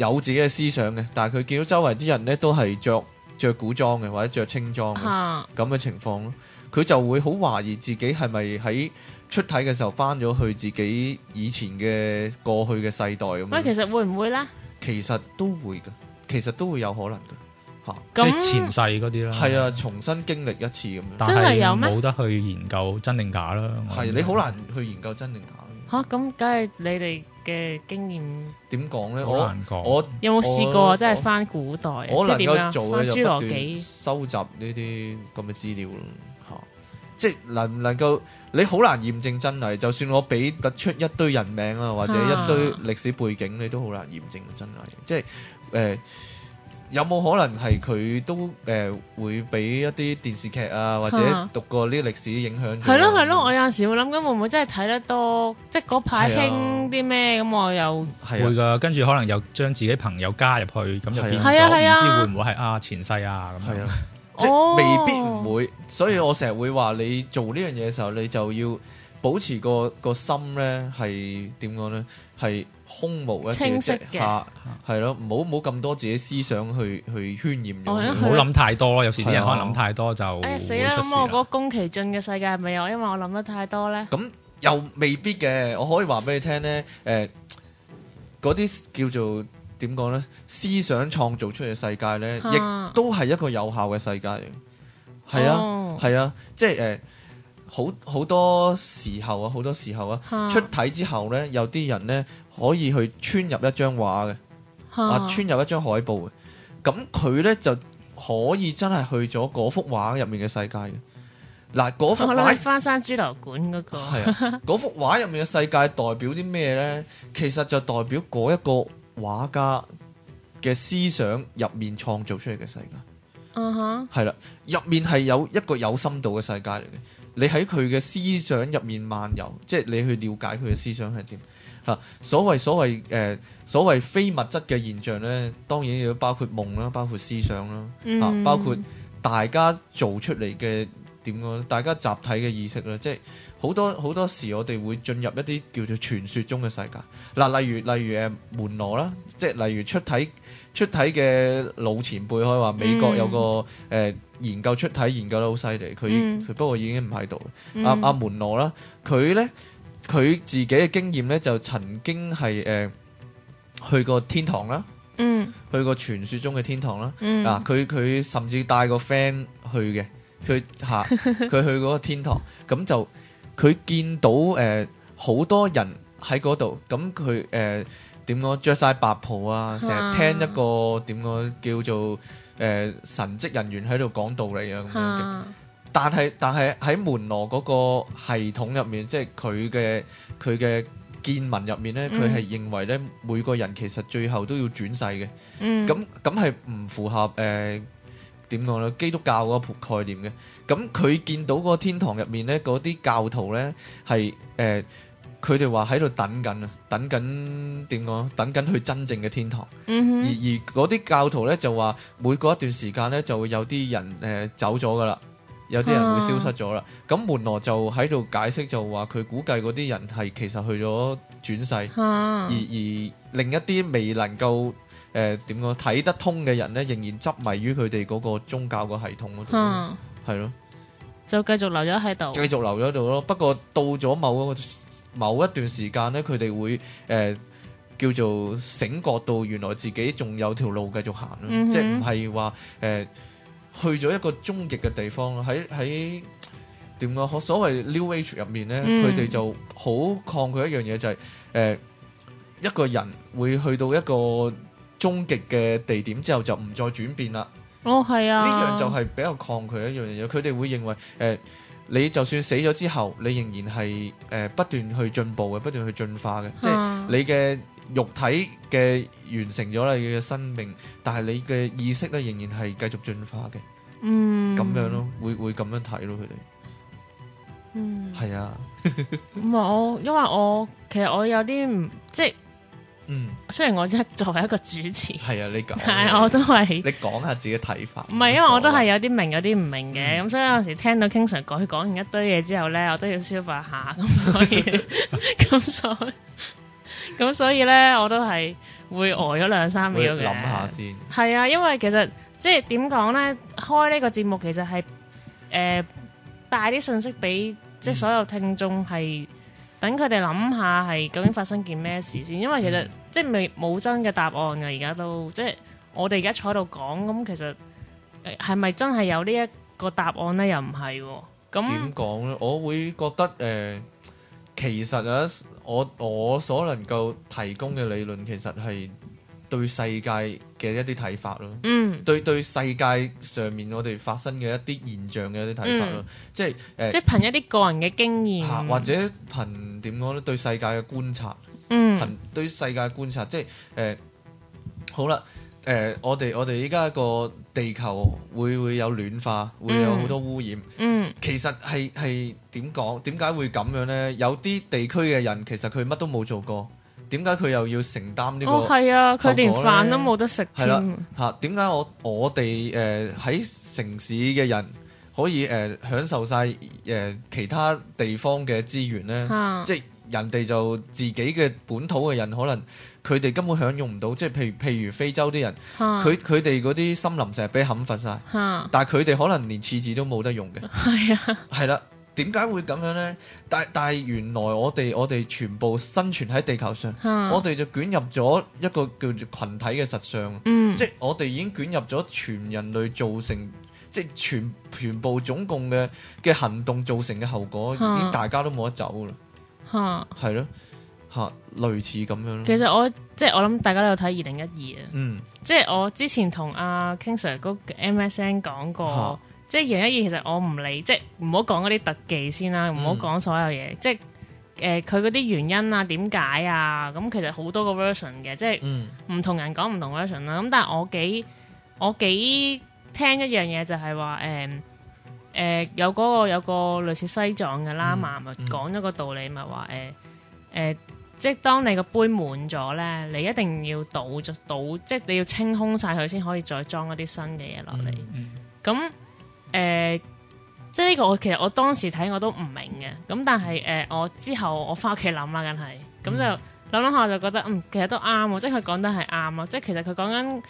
S1: 有自己嘅思想嘅，但係佢見到周圍啲人咧都係着着古裝嘅或者着青裝嘅咁嘅情況咯，佢就會好懷疑自己係咪喺出體嘅時候翻咗去自己以前嘅過去嘅世代咁。喂，其
S3: 實會唔會呢？
S1: 其實都會嘅，其實都會有可能嘅吓。即係前世嗰啲啦，係啊那，重新經歷一次咁樣。但係有咩？冇得去研究真定假啦。係你好難去研究真定假
S3: 嘅。吓咁，梗係你哋。啊嘅經驗點講呢？
S1: 好難講，我我有冇試過真係翻古代？我能夠做咧就不斷收集呢啲咁嘅資料咯嚇，即係能唔能夠你好難驗證真偽。就算我俾得出一堆人名啊，或者一堆歷史背景，你都好難驗證真偽。即係誒。有冇可能係佢都誒會俾一啲電視劇啊，或者讀過呢啲歷
S4: 史影響，
S1: 啊？係咯，係
S3: 咯，我有陣時會諗緊會唔會真係睇得多，即係嗰排興啲咩，咁、啊、我又係、啊、會
S4: 㗎。跟住可能又將自己朋友加入去，咁又變咗唔、啊、知會唔會係啊前世啊咁樣啊。啊，
S2: 啊，即未必唔
S4: 會。所以我成日會話你
S1: 做呢樣嘢嘅時候，你就要。保持個個心咧，係點講咧？係空無一物嘅，吓，係咯，唔好唔好咁多自己思想去去渲染，唔好諗太多。有時啲人可能諗太多就誒死啦！咁、哎嗯、我
S3: 嗰宮崎駿嘅世界係咪有？因為我諗得太多咧？咁、
S1: 嗯、又未必嘅，我可以話俾你聽咧。誒、欸，嗰啲叫做點講咧？思想創造出嘅世界咧，亦、啊、都係一個有效嘅世界。係啊，
S2: 係、哦、啊，即
S1: 係誒。就是好好多時候啊，好多時候啊，啊出體之後呢，有啲人呢可以去穿入一張畫嘅，啊，啊穿入一張海報嘅，咁佢呢就可以真係去咗嗰幅畫入面嘅世界嘅。嗱，嗰幅畫《哦、
S3: 花山豬流館》嗰個係啊，
S1: 嗰幅畫入面嘅世界代表啲咩呢？其實就代表嗰一個畫家嘅思想入面創造出嚟嘅世界。嗯
S2: 哼、
S1: 啊哈，係啦、啊，入面係有一個有深度嘅世界嚟嘅。你喺佢嘅思想入面漫遊，即係你去了解佢嘅思想係點。嚇、啊？所謂所謂誒、呃、所謂非物質嘅現象呢，當然要包括夢啦，包括思想啦，嚇、嗯啊，包括大家做出嚟嘅點講咧，大家集體嘅意識啦，即係。好多好多時，我哋會進入一啲叫做傳説中嘅世界。嗱，例如例如誒、呃、門羅啦，即係例如出體出體嘅老前輩可以話，美國有個誒、嗯呃、研究出體研究得好犀利，佢佢、嗯、不過已經唔喺度。阿阿、嗯啊、門羅啦，佢咧佢自己嘅經驗咧就曾經係誒、呃、去過天堂啦，嗯，去過傳説中嘅天堂啦，嗯佢佢、嗯啊、甚至帶個 friend 去嘅，佢嚇佢去嗰個天堂，咁就。佢見到誒好、呃、多人喺嗰度，咁佢誒點講，着、呃、晒白袍啊，成日、啊、聽一個點講叫做誒神職人員喺度講道理啊咁、啊、樣嘅。但係但係喺門羅嗰個系統入面，即係佢嘅佢嘅見聞入面咧，佢係、嗯、認為咧每個人其實最後都要轉世嘅。嗯，咁咁係唔符合誒。呃點講咧？基督教個概念嘅，咁佢見到個天堂入面咧，嗰啲教徒咧係誒，佢哋話喺度等緊啊，等緊點講？等緊去真正嘅天堂。嗯哼。而而嗰啲教徒咧就話，每過一段時間咧就會有啲人誒走咗噶啦，有啲人會消失咗啦。咁門羅就喺度解釋，就話佢估計嗰啲人係其實去咗轉世，而而另一啲未能夠。誒，點講？睇得通嘅人咧，仍然執迷於佢哋嗰個宗教個系統咯，係咯、嗯，
S3: 的就繼續留咗喺度，繼
S1: 續留咗度咯。不過到咗某一個某一段時間咧，佢哋會誒、呃、叫做醒覺到，原來自己仲有條路繼續行咯，嗯、哼即係唔係話誒去咗一個終極嘅地方喺喺點講？所謂 New Age 入面咧，佢哋、嗯、就好抗拒一樣嘢，就係、是、誒、呃、一個人會去到一個。終極嘅地點之後就唔再轉變啦。
S3: 哦，係啊，呢樣就係
S1: 比較抗拒一樣嘢。佢哋會認為，誒、呃，你就算死咗之後，你仍然係誒、呃、不斷去進步嘅，不斷去進化嘅。嗯、即係你嘅肉體嘅完成咗你嘅生命，但係你嘅意識咧仍然係繼續進化嘅。嗯，咁樣咯，會會咁樣睇咯，佢哋。嗯，係啊。
S3: 唔係 我，因為我其實我有啲唔即係。嗯，雖然我即作為一個主持，係啊，你講，係我都係，你講
S1: 下自己睇法。
S3: 唔係，因為我都係有啲明，有啲唔明嘅，咁、嗯、所以有時聽到 King Sir 講，佢講完一堆嘢之後咧，我都要消化下，咁所以，咁 所以，咁所以咧，我都係會呆咗兩三秒嘅，諗下先。係啊，因為其實即係點講咧，開呢個節目其實係誒帶啲信息，俾即所有聽眾係。嗯等佢哋諗下係究竟發生件咩事先，因為其實即係未冇真嘅答案嘅，而家都即係我哋而家坐喺度講，咁其實係咪真係有呢一個答案咧？又唔係咁點
S1: 講咧？我會覺得誒、呃，其實啊，我我所能夠提供嘅理論其實係，對世界嘅一啲睇法咯，嗯，對對世界上面我哋發生嘅一啲現象嘅一啲睇法咯，嗯、即係誒，呃、即係憑
S3: 一啲個人嘅經驗，或者
S1: 憑點講咧？對世界嘅觀察，嗯，憑對世界觀察，即係誒、呃，好啦，誒、呃，我哋我哋依家個地球會會有暖化，會有好多污染，嗯，嗯其，其實係係點講？點解會咁樣咧？有啲地區嘅人其實佢乜都冇做過。點解佢又要承擔個呢個？哦，係啊，佢連飯都冇得食添。係啦、啊，嚇點解我我哋誒喺城市嘅人可以誒、呃、享受晒誒、呃、其他地方嘅資源咧？即係、啊、人哋就自己嘅本土嘅人，可能佢哋根本享用唔到。即、就、係、是、譬如譬如非洲啲人，佢佢哋嗰啲森林成日俾砍伐曬，啊、但係佢哋可能連廁紙都冇得用嘅。係啊，係啦、 啊。點解會咁樣呢？但但係原來我哋我哋全部生存喺地球上，啊、我哋就捲入咗一個叫做群體嘅實相，嗯、即係我哋已經捲入咗全人類造成，即係全全部總共嘅嘅行動造成嘅後果，啊、已經大家都冇得走噶啦，吓係咯吓類似咁
S2: 樣咯。其實
S3: 我即係我諗大家都有睇《二零一二啊，嗯，即係我之前同阿 King Sir 嗰個 MSN 講過。啊即係楊一言，其實我唔理，即係唔好講嗰啲特技先啦，唔好講所有嘢。即係誒佢嗰啲原因啊、點解啊，咁其實好多個 version 嘅，即係唔同人講唔同 version 啦。咁但係我幾我幾聽一樣嘢，就係話誒誒有嗰、嗰個有個類似西藏嘅喇嘛咪、嗯嗯、講咗個道理咪話誒誒，即係當你個杯滿咗咧，你一定要倒倒，即係你要清空晒佢先可以再裝一啲新嘅嘢落嚟。咁、嗯嗯嗯誒、呃，即係呢個我，我其實我當時睇我都唔明嘅，咁但係誒、呃，我之後我翻屋企諗啦，梗係，咁就諗諗下，就覺得嗯，其實都啱，即係佢講得係啱咯，即係其實佢講緊，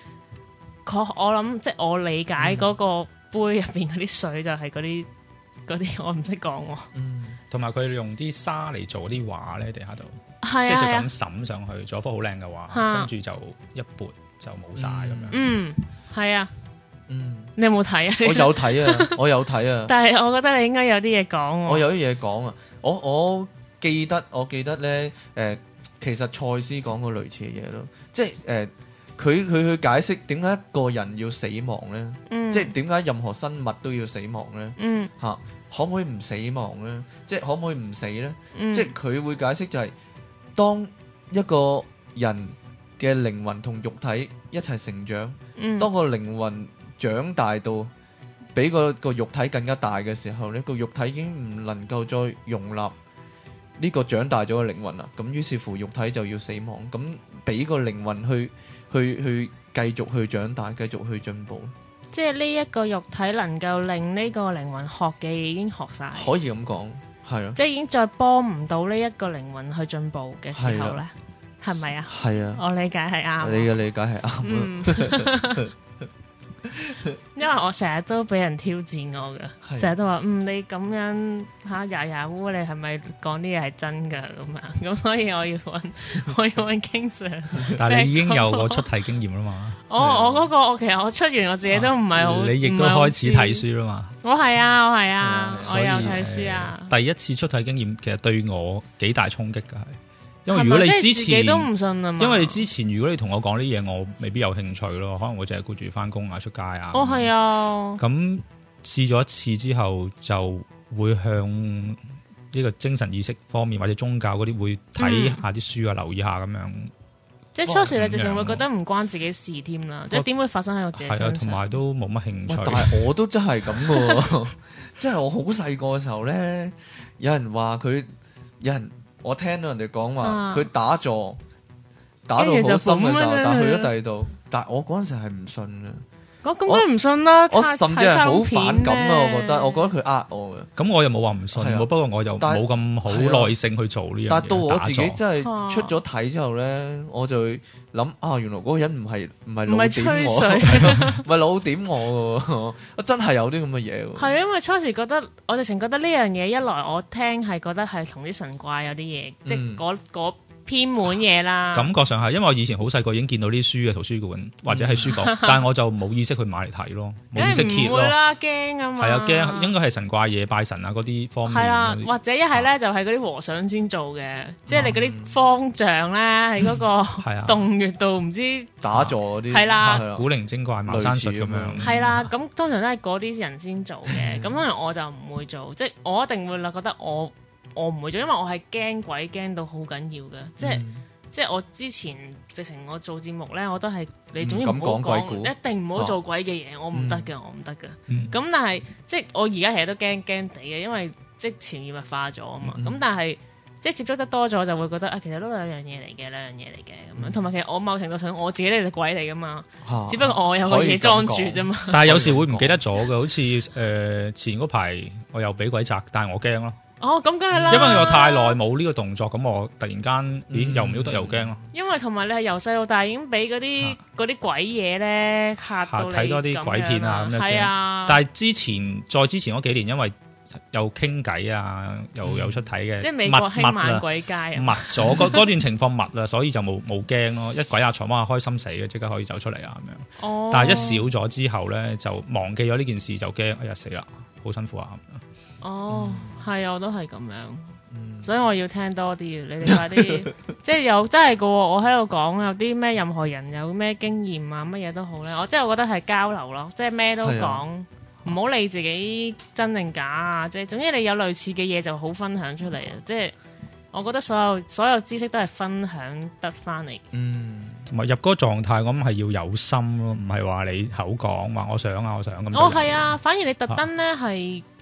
S3: 我我諗，即係我理解嗰個杯入邊嗰啲水就係嗰啲嗰啲，我唔識講。嗯，
S4: 同埋佢用啲沙嚟做啲畫咧，地下度，即係就咁抌上去，做幅好靚嘅畫，跟住就一撥就冇晒咁樣。
S3: 嗯，係啊。嗯，你有冇睇啊？我有睇啊，我有睇啊。但係我覺得你應該有啲嘢講啊。我有
S1: 啲嘢講啊，我我記得我記得咧，誒，其實賽斯講過類似嘅嘢咯，即係誒，佢佢去解釋點解一個人要死亡咧，即係點解任何生物都要死亡咧，吓可唔可以唔死亡咧？即係可唔可以唔死咧？即係佢會解釋就係當一個人嘅靈魂同肉體一齊成長，當個靈魂，長大到比個個肉體更加大嘅時候咧，呢個肉體已經唔能夠再容納呢個長大咗嘅靈魂啦。咁於是乎，肉體就要死亡，咁俾個靈魂去去去繼續去長大，繼續去進步。
S3: 即係呢一個肉體能夠令呢個靈魂學嘅嘢已經學曬，可
S1: 以咁講，係咯。即係
S3: 已經再幫唔到呢一個靈魂去進步嘅時候咧，係咪啊？係啊，我理解係啱。你嘅理解係啱。因為我成日都俾人挑戰我噶，成日都話嗯，你咁樣吓牙牙烏，你係咪講啲嘢係真噶咁啊？咁、啊、所以我要揾，我要揾經常。但係你已經有
S4: 個出體經驗啦嘛？
S3: 我我嗰、那個我其實我出完我自己都唔係好，你亦都開始睇書啦嘛？我係、嗯哦、啊，我係啊，嗯、我有睇書啊、
S2: 嗯。第
S4: 一次出體經驗其實對我幾大衝擊噶係。因為如果你之前，你都唔
S2: 信啊嘛？因為你
S4: 之前如果你同我講啲嘢，我未必有興趣咯，可能會淨係顧住返工啊、出街、哦、啊。哦，
S3: 係啊。咁
S4: 試咗一次之後，就會向呢個精神意識方面或者宗教嗰啲，會睇下啲書啊，留意下咁樣。
S3: 嗯、即係初時你直情會覺得唔關自己事添啦。即係點會發生喺我自己身上？同埋
S4: 都冇乜興趣。哎、但係我都真係咁噶，
S1: 即係 我好細個嘅時候咧，有人話佢有人。我聽到人哋講話，佢打坐打到好深嘅時候，但去咗第二度，但係我嗰陣時係唔信嘅。
S3: 我咁都唔信啦！我甚至係好反感啊！我覺得，我
S4: 覺得佢呃我嘅，咁我又冇話唔信，啊、不過我又冇咁好耐性去做呢樣嘢。但到我自己真係出咗體之後咧，
S1: 坐我就諗啊，原來嗰個人唔係唔係老點我，唔係老點我嘅，我真係有啲咁嘅嘢。係
S3: 啊，因為初時覺得，我直程覺得呢樣嘢一來我聽係覺得係同啲神怪有啲嘢，即係嗰。偏門嘢啦，感
S4: 覺上係，因為我以前好細個已經見到啲書嘅圖書館或者係書局，但係我就冇意識去買嚟睇咯，冇意識揭咯，梗係唔會啦，
S3: 驚啊嘛！係啊，驚，應
S4: 該係神怪嘢、拜神啊嗰啲方面。係啊，或
S3: 者一係咧就係嗰啲和尚先做嘅，即係你嗰啲方丈咧喺嗰個洞穴度唔知
S4: 打坐嗰啲。係啦，古靈精怪、茅山術咁樣。
S3: 係啦，咁通常都係嗰啲人先做嘅，咁可能我就唔會做，即係我一定會覺得我。我唔會做，因為我係驚鬼驚到好緊要嘅、嗯，即係即係我之前直情我做節目咧，我都係，你總之唔好講鬼古，一定唔好做鬼嘅嘢、啊，我唔得嘅，嗯、我唔得噶。咁但係即係我而家其實都驚驚地嘅，因為即前潛意化咗啊嘛。咁、嗯、但係即係接觸得多咗，就會覺得啊，其實都兩樣嘢嚟嘅，兩樣嘢嚟嘅咁樣。同埋、嗯、其實我某程度上我自己都係隻鬼嚟噶嘛，啊、只不過我有個嘢裝住啫嘛。但係有時會唔記
S4: 得咗嘅，好似誒前嗰排我又俾鬼襲，但係我驚咯。
S3: 哦，咁梗係啦。因為我太
S4: 耐冇呢個動作，咁我突然間，咦，又唔曉得又驚咯。
S3: 因為同埋你係由細到大已經俾嗰啲嗰啲鬼嘢咧嚇到咁。睇多啲鬼片啊，咁樣驚。但
S4: 係之前再之前嗰幾年，因為又傾偈啊，又有出體嘅，即係美國係萬鬼街，密咗嗰段情況密啦，所以就冇冇驚咯。一鬼啊，坐乜啊，開心死嘅，即刻可以走出嚟啊咁樣。哦。但係一少咗之後咧，就忘記咗呢件事，就驚，哎呀死啦，好辛苦啊。
S3: 哦，係啊、oh, 嗯，我都係咁樣，嗯、所以我要聽多啲。你哋快啲， 即係有真係嘅。我喺度講有啲咩任何人有咩經驗啊，乜嘢都好咧。我即係我覺得係交流咯，即係咩都講，唔好理自己真定假啊。即係，總之你有類似嘅嘢就好分享出嚟啊。即係，我覺得所有所有知識都係分享得翻嚟。嗯，
S4: 同埋入嗰個狀態，咁係要有心咯，唔係話你口講話我，我，我、嗯、我想啊，我想咁。哦，係
S3: 啊，反而你特登咧係。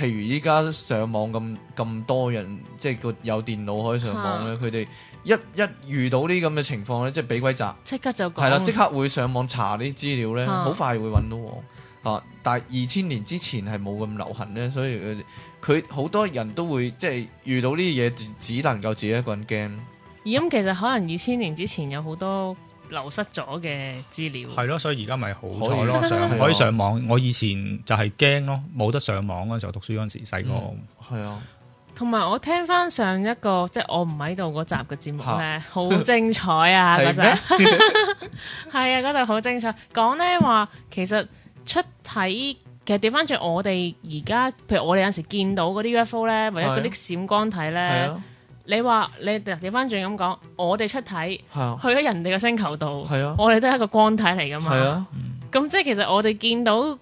S1: 譬如依家上網咁咁多人，即係個有電腦可以上網咧，佢哋、啊、一一遇到呢咁嘅情況咧，即係俾鬼壓，
S3: 即刻就係啦，即刻
S1: 會上網查啲資料咧，好、啊、快會揾到喎。嚇、啊！但係二千年之前係冇咁流行咧，所以佢佢好多人都會即係、就是、遇到呢啲嘢，只能夠自己一個人驚。
S3: 而咁其實可能二千年之前有好多。流失咗嘅資料係
S4: 咯，所以而家咪好彩咯，上，可以上網。 我以前就係驚咯，冇得上網嗰陣時候，讀書嗰陣時細個。係、嗯、啊，
S3: 同埋我聽翻上，上一個，即、就、係、是、我唔喺度嗰集嘅節目咧，好哈精彩啊！嗰集係啊，嗰度好精彩，講咧話其實出體，其實調翻轉我哋而家，譬如我哋有時見到嗰啲 UFO 咧，或者嗰啲閃光體咧。你話你調翻轉咁講，我哋出體、啊、去咗人哋嘅星球度，啊、我哋都係一個光體嚟噶嘛？咁、啊嗯、即係其實我哋見到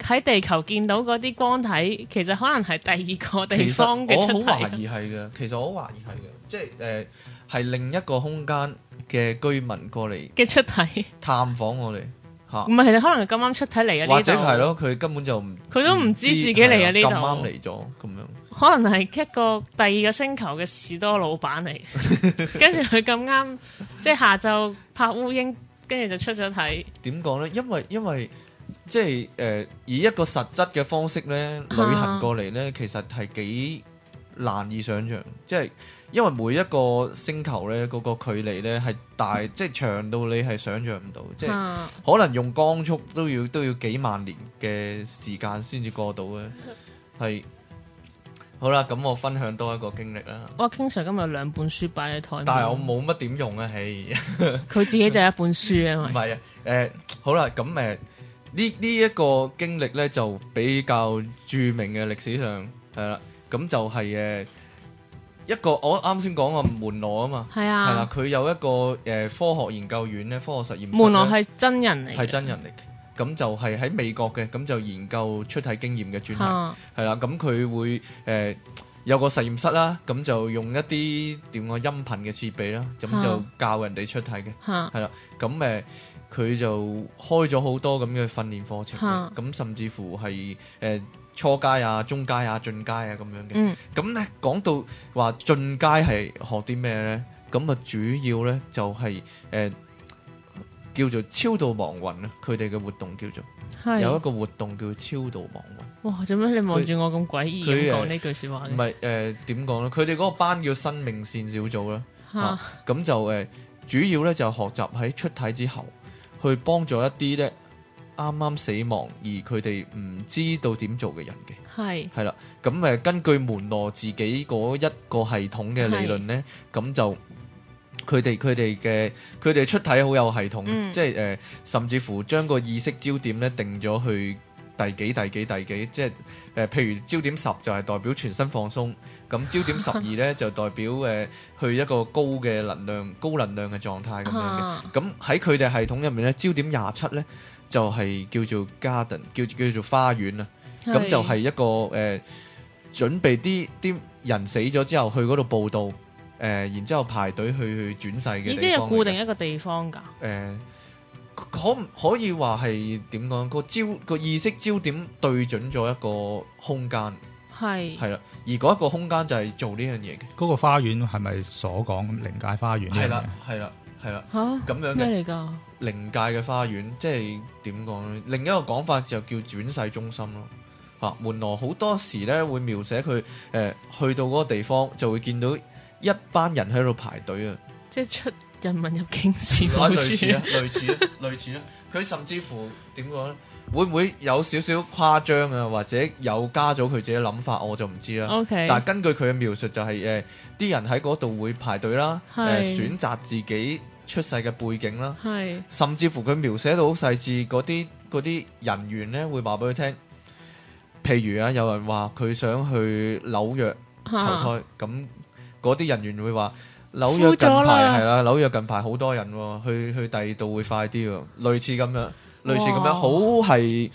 S3: 喺地球見到嗰啲光體，其實可能係第二個地方嘅出體。我好懷
S1: 疑係嘅，其實我好懷疑係嘅，即係誒係另一個空間嘅居民過嚟嘅出體探訪我哋。 唔係、
S3: 啊，可能係咁啱出體嚟啊！或者係咯，佢根本就唔佢都唔知，知自己嚟啊！呢度咁啱嚟
S1: 咗，咁樣
S3: 可能係一個第二個星球嘅士多老闆嚟，
S1: 跟住
S3: 佢咁啱即係下晝拍烏蠅，跟住就出咗體。
S1: 點講咧？因為因為即係誒、呃，以一個實質嘅方式咧，旅行過嚟咧，其實係幾難以想像，即係。因為每一個星球咧，嗰個距離咧係大， 即係長到你係想象唔到， 即係可能用光速都要都要幾萬年嘅時間先至過到嘅。係 好啦，咁我分享多一個經歷
S3: 啦。King Sir 今日兩本書擺喺台，但係我冇
S1: 乜點用啊，係、
S3: hey、佢 自己就係一本書 啊，唔係啊，
S1: 誒，好啦，咁誒呢呢一
S3: 個經歷咧
S1: 就比較著名嘅歷史上係啦，咁、呃、就係、是、誒。呃一個我啱先講個門羅啊嘛，係啊，係啦，佢有一個誒、呃、科學研究院咧，科學實驗室。門羅係
S3: 真人嚟嘅。係真人嚟
S1: 嘅，咁就係喺美國嘅，咁就研究出體經驗嘅專題，係啦、啊，咁佢會誒。呃有個實驗室啦，咁就用一啲點講音頻嘅設備啦，咁就教人哋出體嘅，係啦、啊，咁誒佢就開咗好多咁嘅訓練課程，咁、啊、甚至乎係誒、呃、初階啊、中階啊、進階啊咁樣嘅，咁咧講到話進階係學啲咩咧？咁啊主要咧就係、是、誒。呃叫做超度亡魂啦，佢哋嘅活動叫做，是有一個活動叫超度亡魂。
S3: 哇，做咩你望住我咁詭異咁講呢句、呃、說話？唔係，
S1: 誒，點講咧？佢哋嗰個班叫生命線小組啦，咁哈、啊、就誒、呃，主要咧就學習喺出體之後，去幫助一啲咧啱啱死亡而佢哋唔知道點做嘅人嘅。係係啦，咁誒，根據門羅自己嗰一個系統嘅理論咧，咁就是。嗯佢哋佢哋嘅佢哋出體好有系統，嗯、即係誒、呃，甚至乎將個意識焦點咧定咗去第幾第幾第幾，第幾，即係誒、呃，譬如焦點十就係代表全身放鬆，咁 焦點十二咧就代表誒、呃、去一個高嘅能量、高能量嘅狀態咁樣嘅。咁喺佢哋系統入面咧，焦點廿七咧就係、是、叫做 Garden，叫叫做花園啊，咁是就係一個誒、呃、準備啲啲人死咗之後去嗰度報到。誒、呃，然之後排隊去去轉世嘅，即係固
S3: 定一個地方噶。
S1: 誒、呃，可以可以話係點講？個焦個意識焦點對準咗一個空間，
S3: 係係
S1: 啦。而嗰一個空間就係做呢樣嘢嘅。嗰個花園係咪所講靈界花園？係啦，係啦，係啦。吓咁、啊、樣嘅咩嚟噶靈界嘅花園，即係點講咧？另一個講法就叫轉世中心咯。吓、啊，門羅好多時咧會描寫佢誒、呃，去到嗰個地方就會見到。一班人喺度排隊啊！
S3: 即係出人民入境事務啊！類
S1: 似啊，類似啊，類似啊！佢甚至乎點講咧？會唔會有少少誇張啊？或者有加咗佢自己諗法，我就唔知啦。OK，但係根據佢嘅描述就係誒，啲人喺嗰度會排隊啦，誒選擇自己出世嘅背景啦，甚至乎佢描寫到好細緻，嗰啲啲人員咧會話俾佢聽，譬如啊，有人話佢想去紐約投胎咁。嗰啲人員會話紐約近排係啦，紐約近排好多人去，去第二度會快啲喎，類似咁樣，類似咁樣好係。哇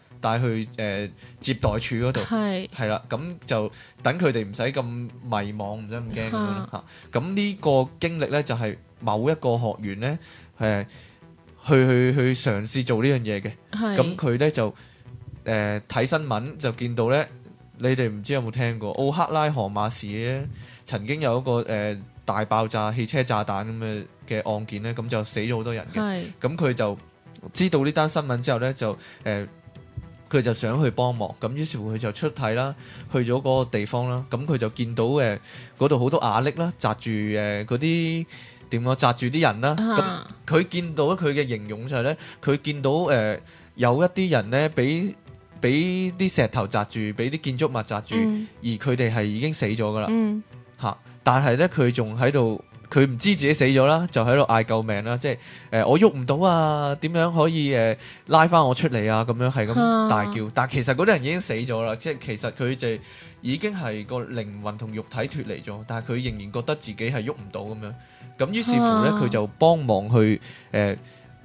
S1: 帶去誒接待處嗰度，係係啦，咁就等佢哋唔使咁迷茫，唔使咁驚咁啦吓。咁呢個經歷咧，就係某一個學員咧，誒去去去嘗試做呢樣嘢嘅。咁佢咧就誒睇新聞就見到咧，你哋唔知有冇聽過奧克拉荷馬市咧，曾經有一個誒大爆炸汽車炸彈咁嘅嘅案件咧，咁就死咗好多人嘅。咁佢就知道呢單新聞之後咧，就誒。佢就想去幫忙，咁於是乎佢就出體啦，去咗嗰個地方啦。咁佢就見到誒嗰度好多瓦礫啦，砸住誒嗰啲點講，砸、呃、住啲人啦。咁佢、啊、見到佢嘅形容就上、係、咧，佢見到誒、呃、有一啲人咧，俾俾啲石頭砸住，俾啲建築物砸住，嗯、而佢哋係已經死咗噶啦。嚇、嗯啊！但係咧，佢仲喺度。佢唔知自己死咗啦，就喺度嗌救命啦，即係誒、呃、我喐唔到啊，點樣可以誒、呃、拉翻我出嚟啊？咁樣係咁大叫，啊、但係其實嗰啲人已經死咗啦，即係其實佢就已經係個靈魂同肉體脫離咗，但係佢仍然覺得自己係喐唔到咁樣，咁於是乎咧，佢就幫忙去誒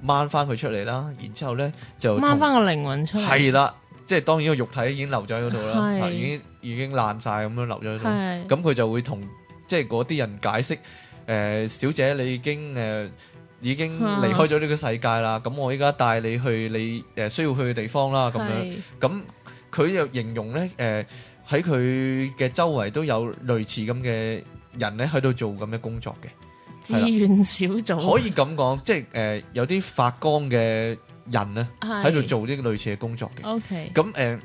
S1: 掹翻佢出嚟啦，然之後咧就掹翻
S3: 個靈魂
S2: 出嚟，係啦，
S1: 即係當然個肉體已經留咗喺度啦，已經已經爛晒咁樣留咗喺度，咁佢的就會同即係嗰啲人解釋。誒、呃、小姐，你已經誒、呃、已經離開咗呢個世界啦。咁、啊、我依家帶你去你誒需要去嘅地方啦。咁樣，咁佢又形容咧，誒喺佢嘅周圍都有類似咁嘅人咧，喺度做咁嘅工作嘅。志
S3: 願小組可以
S1: 咁講，即係誒、呃、有啲發光嘅人咧，喺度做啲類似嘅工作嘅。OK，咁誒。呃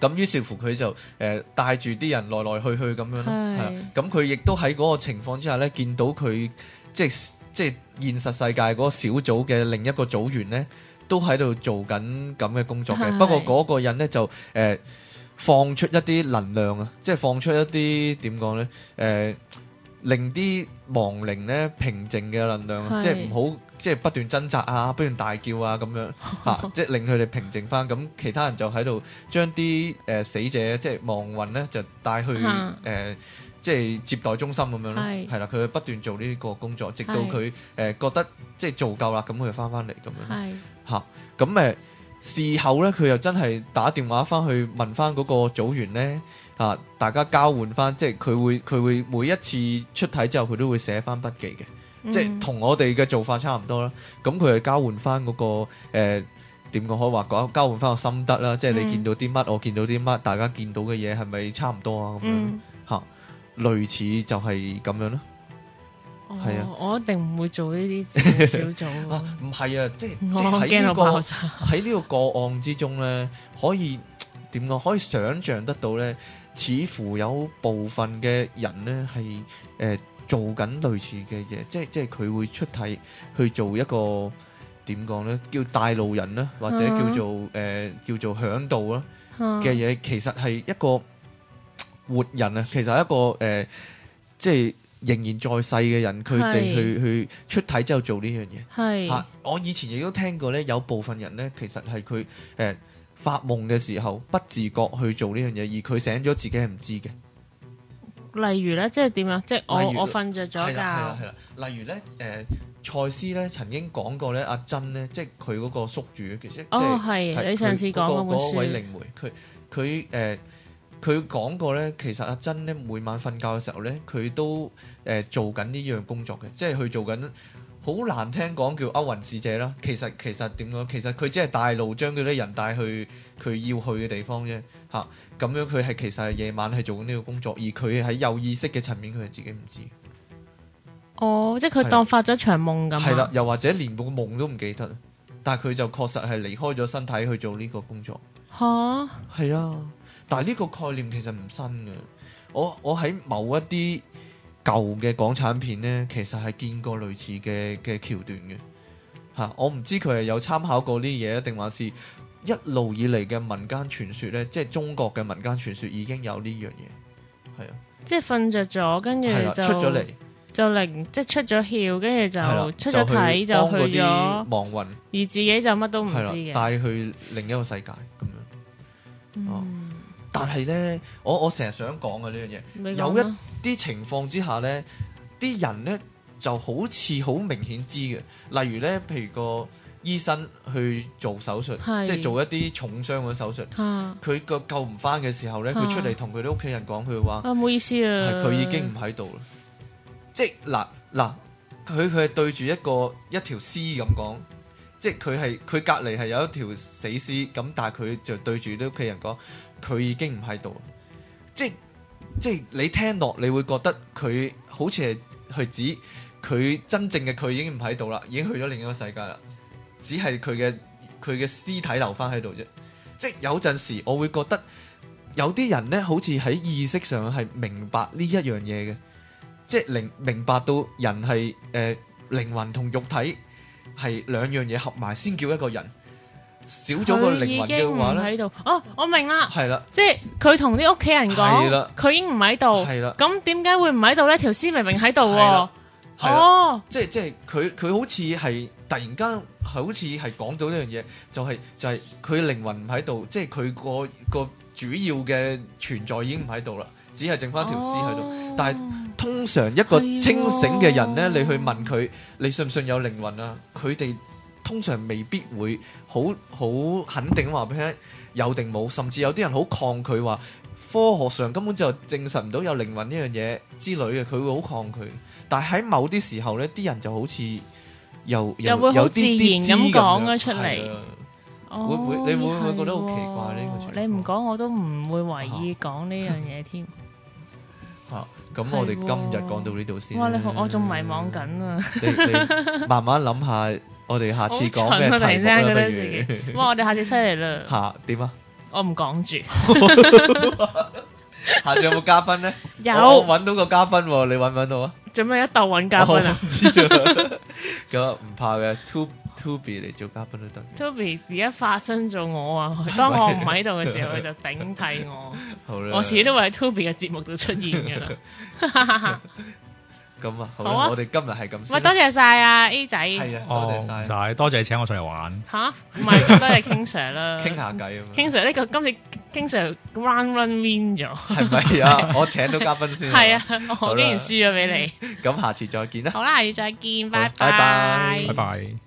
S1: 咁於是乎佢就誒、呃、帶住啲人來來去去咁樣咯，係啦是。咁佢亦都喺嗰個情況之下咧，見到佢即係即係現實世界嗰個小組嘅另一個組員咧，都喺度做緊咁嘅工作嘅。是不過嗰個人咧就誒、呃、放出一啲能量啊，即係放出一啲點講咧誒，令啲亡靈咧平靜嘅能量，是即係唔好即係不斷、就是、掙扎啊，不斷大叫啊咁樣，吓、 啊、即係令佢哋平靜翻。咁其他人就喺度將啲誒死者即係亡魂咧就帶去誒是、呃，即係接待中心咁樣咯。係啦是，佢、嗯、會不斷做呢個工作，直到佢誒、呃、覺得即係做夠啦，咁佢就翻翻嚟咁樣。係吓咁誒。啊嗯嗯嗯嗯事後咧，佢又真係打電話翻去問翻嗰個組員咧，啊，大家交換翻，即係佢會佢會每一次出體之後，佢都會寫翻筆記嘅，嗯、
S2: 即係同
S1: 我哋嘅做法差唔多啦。咁佢係交換翻嗰個誒，點講好話講，交換翻個心得啦。即係你見到啲乜，嗯、我見到啲乜，大家見到嘅嘢係咪差唔多啊？咁、嗯、樣吓、啊，類似就係咁樣啦。
S3: 係啊，我一定唔會做呢啲
S2: 小組。唔係啊，即係喺呢個
S1: 喺呢個個案之中咧，可以點講？可以想象得到咧，似乎有部分嘅人咧係誒做緊類似嘅嘢，即係即係佢會出體去做一個點講咧？叫帶路人啦，或者叫做誒叫做嚮導啦嘅嘢，其實係一個活人啊！其實係一個誒，即係。仍然在世嘅人，佢哋去是去出體之後做呢樣嘢。係是、啊，我以前亦都聽過咧，有部分人咧，其實係佢誒發夢嘅時候，不自覺去做呢樣嘢，而佢醒咗自己係唔知嘅。
S3: 例如咧，即係點啊？即係我我瞓着咗㗎。係啦，
S1: 係啦。例如咧，誒，賽斯咧曾經講過咧，阿珍咧，即係佢嗰個宿主，其實、就是、哦係，的的你上次講嗰本書，嗰位靈媒，佢佢誒。佢講過咧，其實阿珍咧每晚瞓覺嘅時候咧，佢都誒、呃、做緊呢樣工作嘅，即係佢做緊好難聽講叫歐雲使者啦。其實其實點樣？其實佢只係帶路將佢啲人帶去佢要去嘅地方啫。嚇、啊、咁樣佢係其實係夜晚係做緊呢個工作，而佢喺有意識嘅層面，佢係自己唔知。
S3: 哦，即係佢當發咗場夢咁。係啦、啊
S1: 啊，又或者連個夢都唔記得，但係佢就確實係離開咗身體去做呢個工作。吓？係啊！但係呢個概念其實唔新嘅，我我喺某一啲舊嘅港產片呢，其實係見過類似嘅嘅橋段嘅，嚇，我唔知佢係有參考過呢啲嘢，定話係一路以嚟嘅民間傳說呢？即係中國嘅民間傳說已經有呢樣嘢，即
S3: 係瞓着咗，跟住出咗嚟，就令即係出咗竅，跟住就出咗體就去咗亡魂，而自己就乜都唔知嘅，帶
S1: 去另一個世界咁樣，
S3: 嗯
S1: 但係咧，我我成日想講嘅呢樣嘢，有一啲情況之下咧，啲人咧就好似好明顯知嘅。例如咧，譬如個醫生去做手術，是即係做一啲重傷嘅手術，佢個、啊、救唔翻嘅時候咧，佢、啊、出嚟同佢啲屋企人講佢話：啊，唔好意
S3: 思啊，佢已經唔
S1: 喺度啦。即係嗱嗱，佢佢係對住一個一條屍咁講，即係佢係佢隔籬係有一條死屍咁，但係佢就對住啲屋企人講。佢已經唔喺度，即係你聽落，你會覺得佢好似係去指佢真正嘅佢已經唔喺度啦，已經去咗另一個世界啦，只係佢嘅佢嘅屍體留翻喺度啫。即係有陣時我會覺得有啲人呢，好似喺意識上係明白呢一樣嘢嘅，即係明明白到人係誒、呃、靈魂同肉體係兩樣嘢合埋先叫一個人。少咗個靈魂喺
S3: 度，哦，我明啦，係啦，即係佢同啲屋企人講，佢已經唔喺度，咁點解會唔喺度咧？條屍明明喺度。哦，即係即係
S1: 佢佢好似係突然間係好似係講到呢樣嘢，就係就係佢靈魂唔喺度，即係佢個個主要嘅存在已經唔喺度啦，只係剩翻條屍喺度。但係通常一個清醒嘅人咧，你去問佢，你信唔信有靈魂啊？佢哋。通常未必會好好肯定話俾你聽有定冇，甚至有啲人好抗拒話科學上根本就證實唔到有靈魂呢樣嘢之類嘅，佢會好抗拒。但係喺某啲時候呢，啲人就好似又又會好自然咁講咗出嚟，
S3: 會唔
S1: 會你會唔會覺得好奇怪咧？你
S3: 唔講我都唔會為意講呢樣嘢添。
S1: 吓，咁我哋今日講到呢度先。哇，你好我仲
S3: 迷茫緊啊！
S1: 慢慢諗下。我哋下次講咩題目啦？不 哇！我哋下次犀利啦。下點啊？
S3: 啊我唔講住。 下集有冇嘉賓
S1: 咧？ 有，搵、oh, 到個嘉賓，你搵唔搵到啊？做咩一竇搵嘉賓啊？咁唔、oh, 怕嘅，Toby 嚟做嘉賓都得。
S3: Toby 而家發生咗我啊，當我唔喺度嘅時候，佢 就頂替我。
S1: 好啦吧，我自己
S3: 都會喺 Toby 嘅節目度出現嘅啦。 咁啊，好，啊，我哋
S4: 今日係
S1: 咁。唔係，多
S3: 謝晒啊 A 仔，係啊，
S4: 多謝晒仔，多謝你請我上嚟玩。
S3: 吓，唔係，多謝 King Sir 啦，傾下
S4: 偈啊嘛。
S1: King
S3: Sir 呢個今次 King Sir run run win 咗。係咪啊？我請到嘉
S1: 賓先。係啊，我竟然輸咗俾你。咁下次再見啦。好
S3: 啦，下次再見，拜拜，拜
S2: 拜。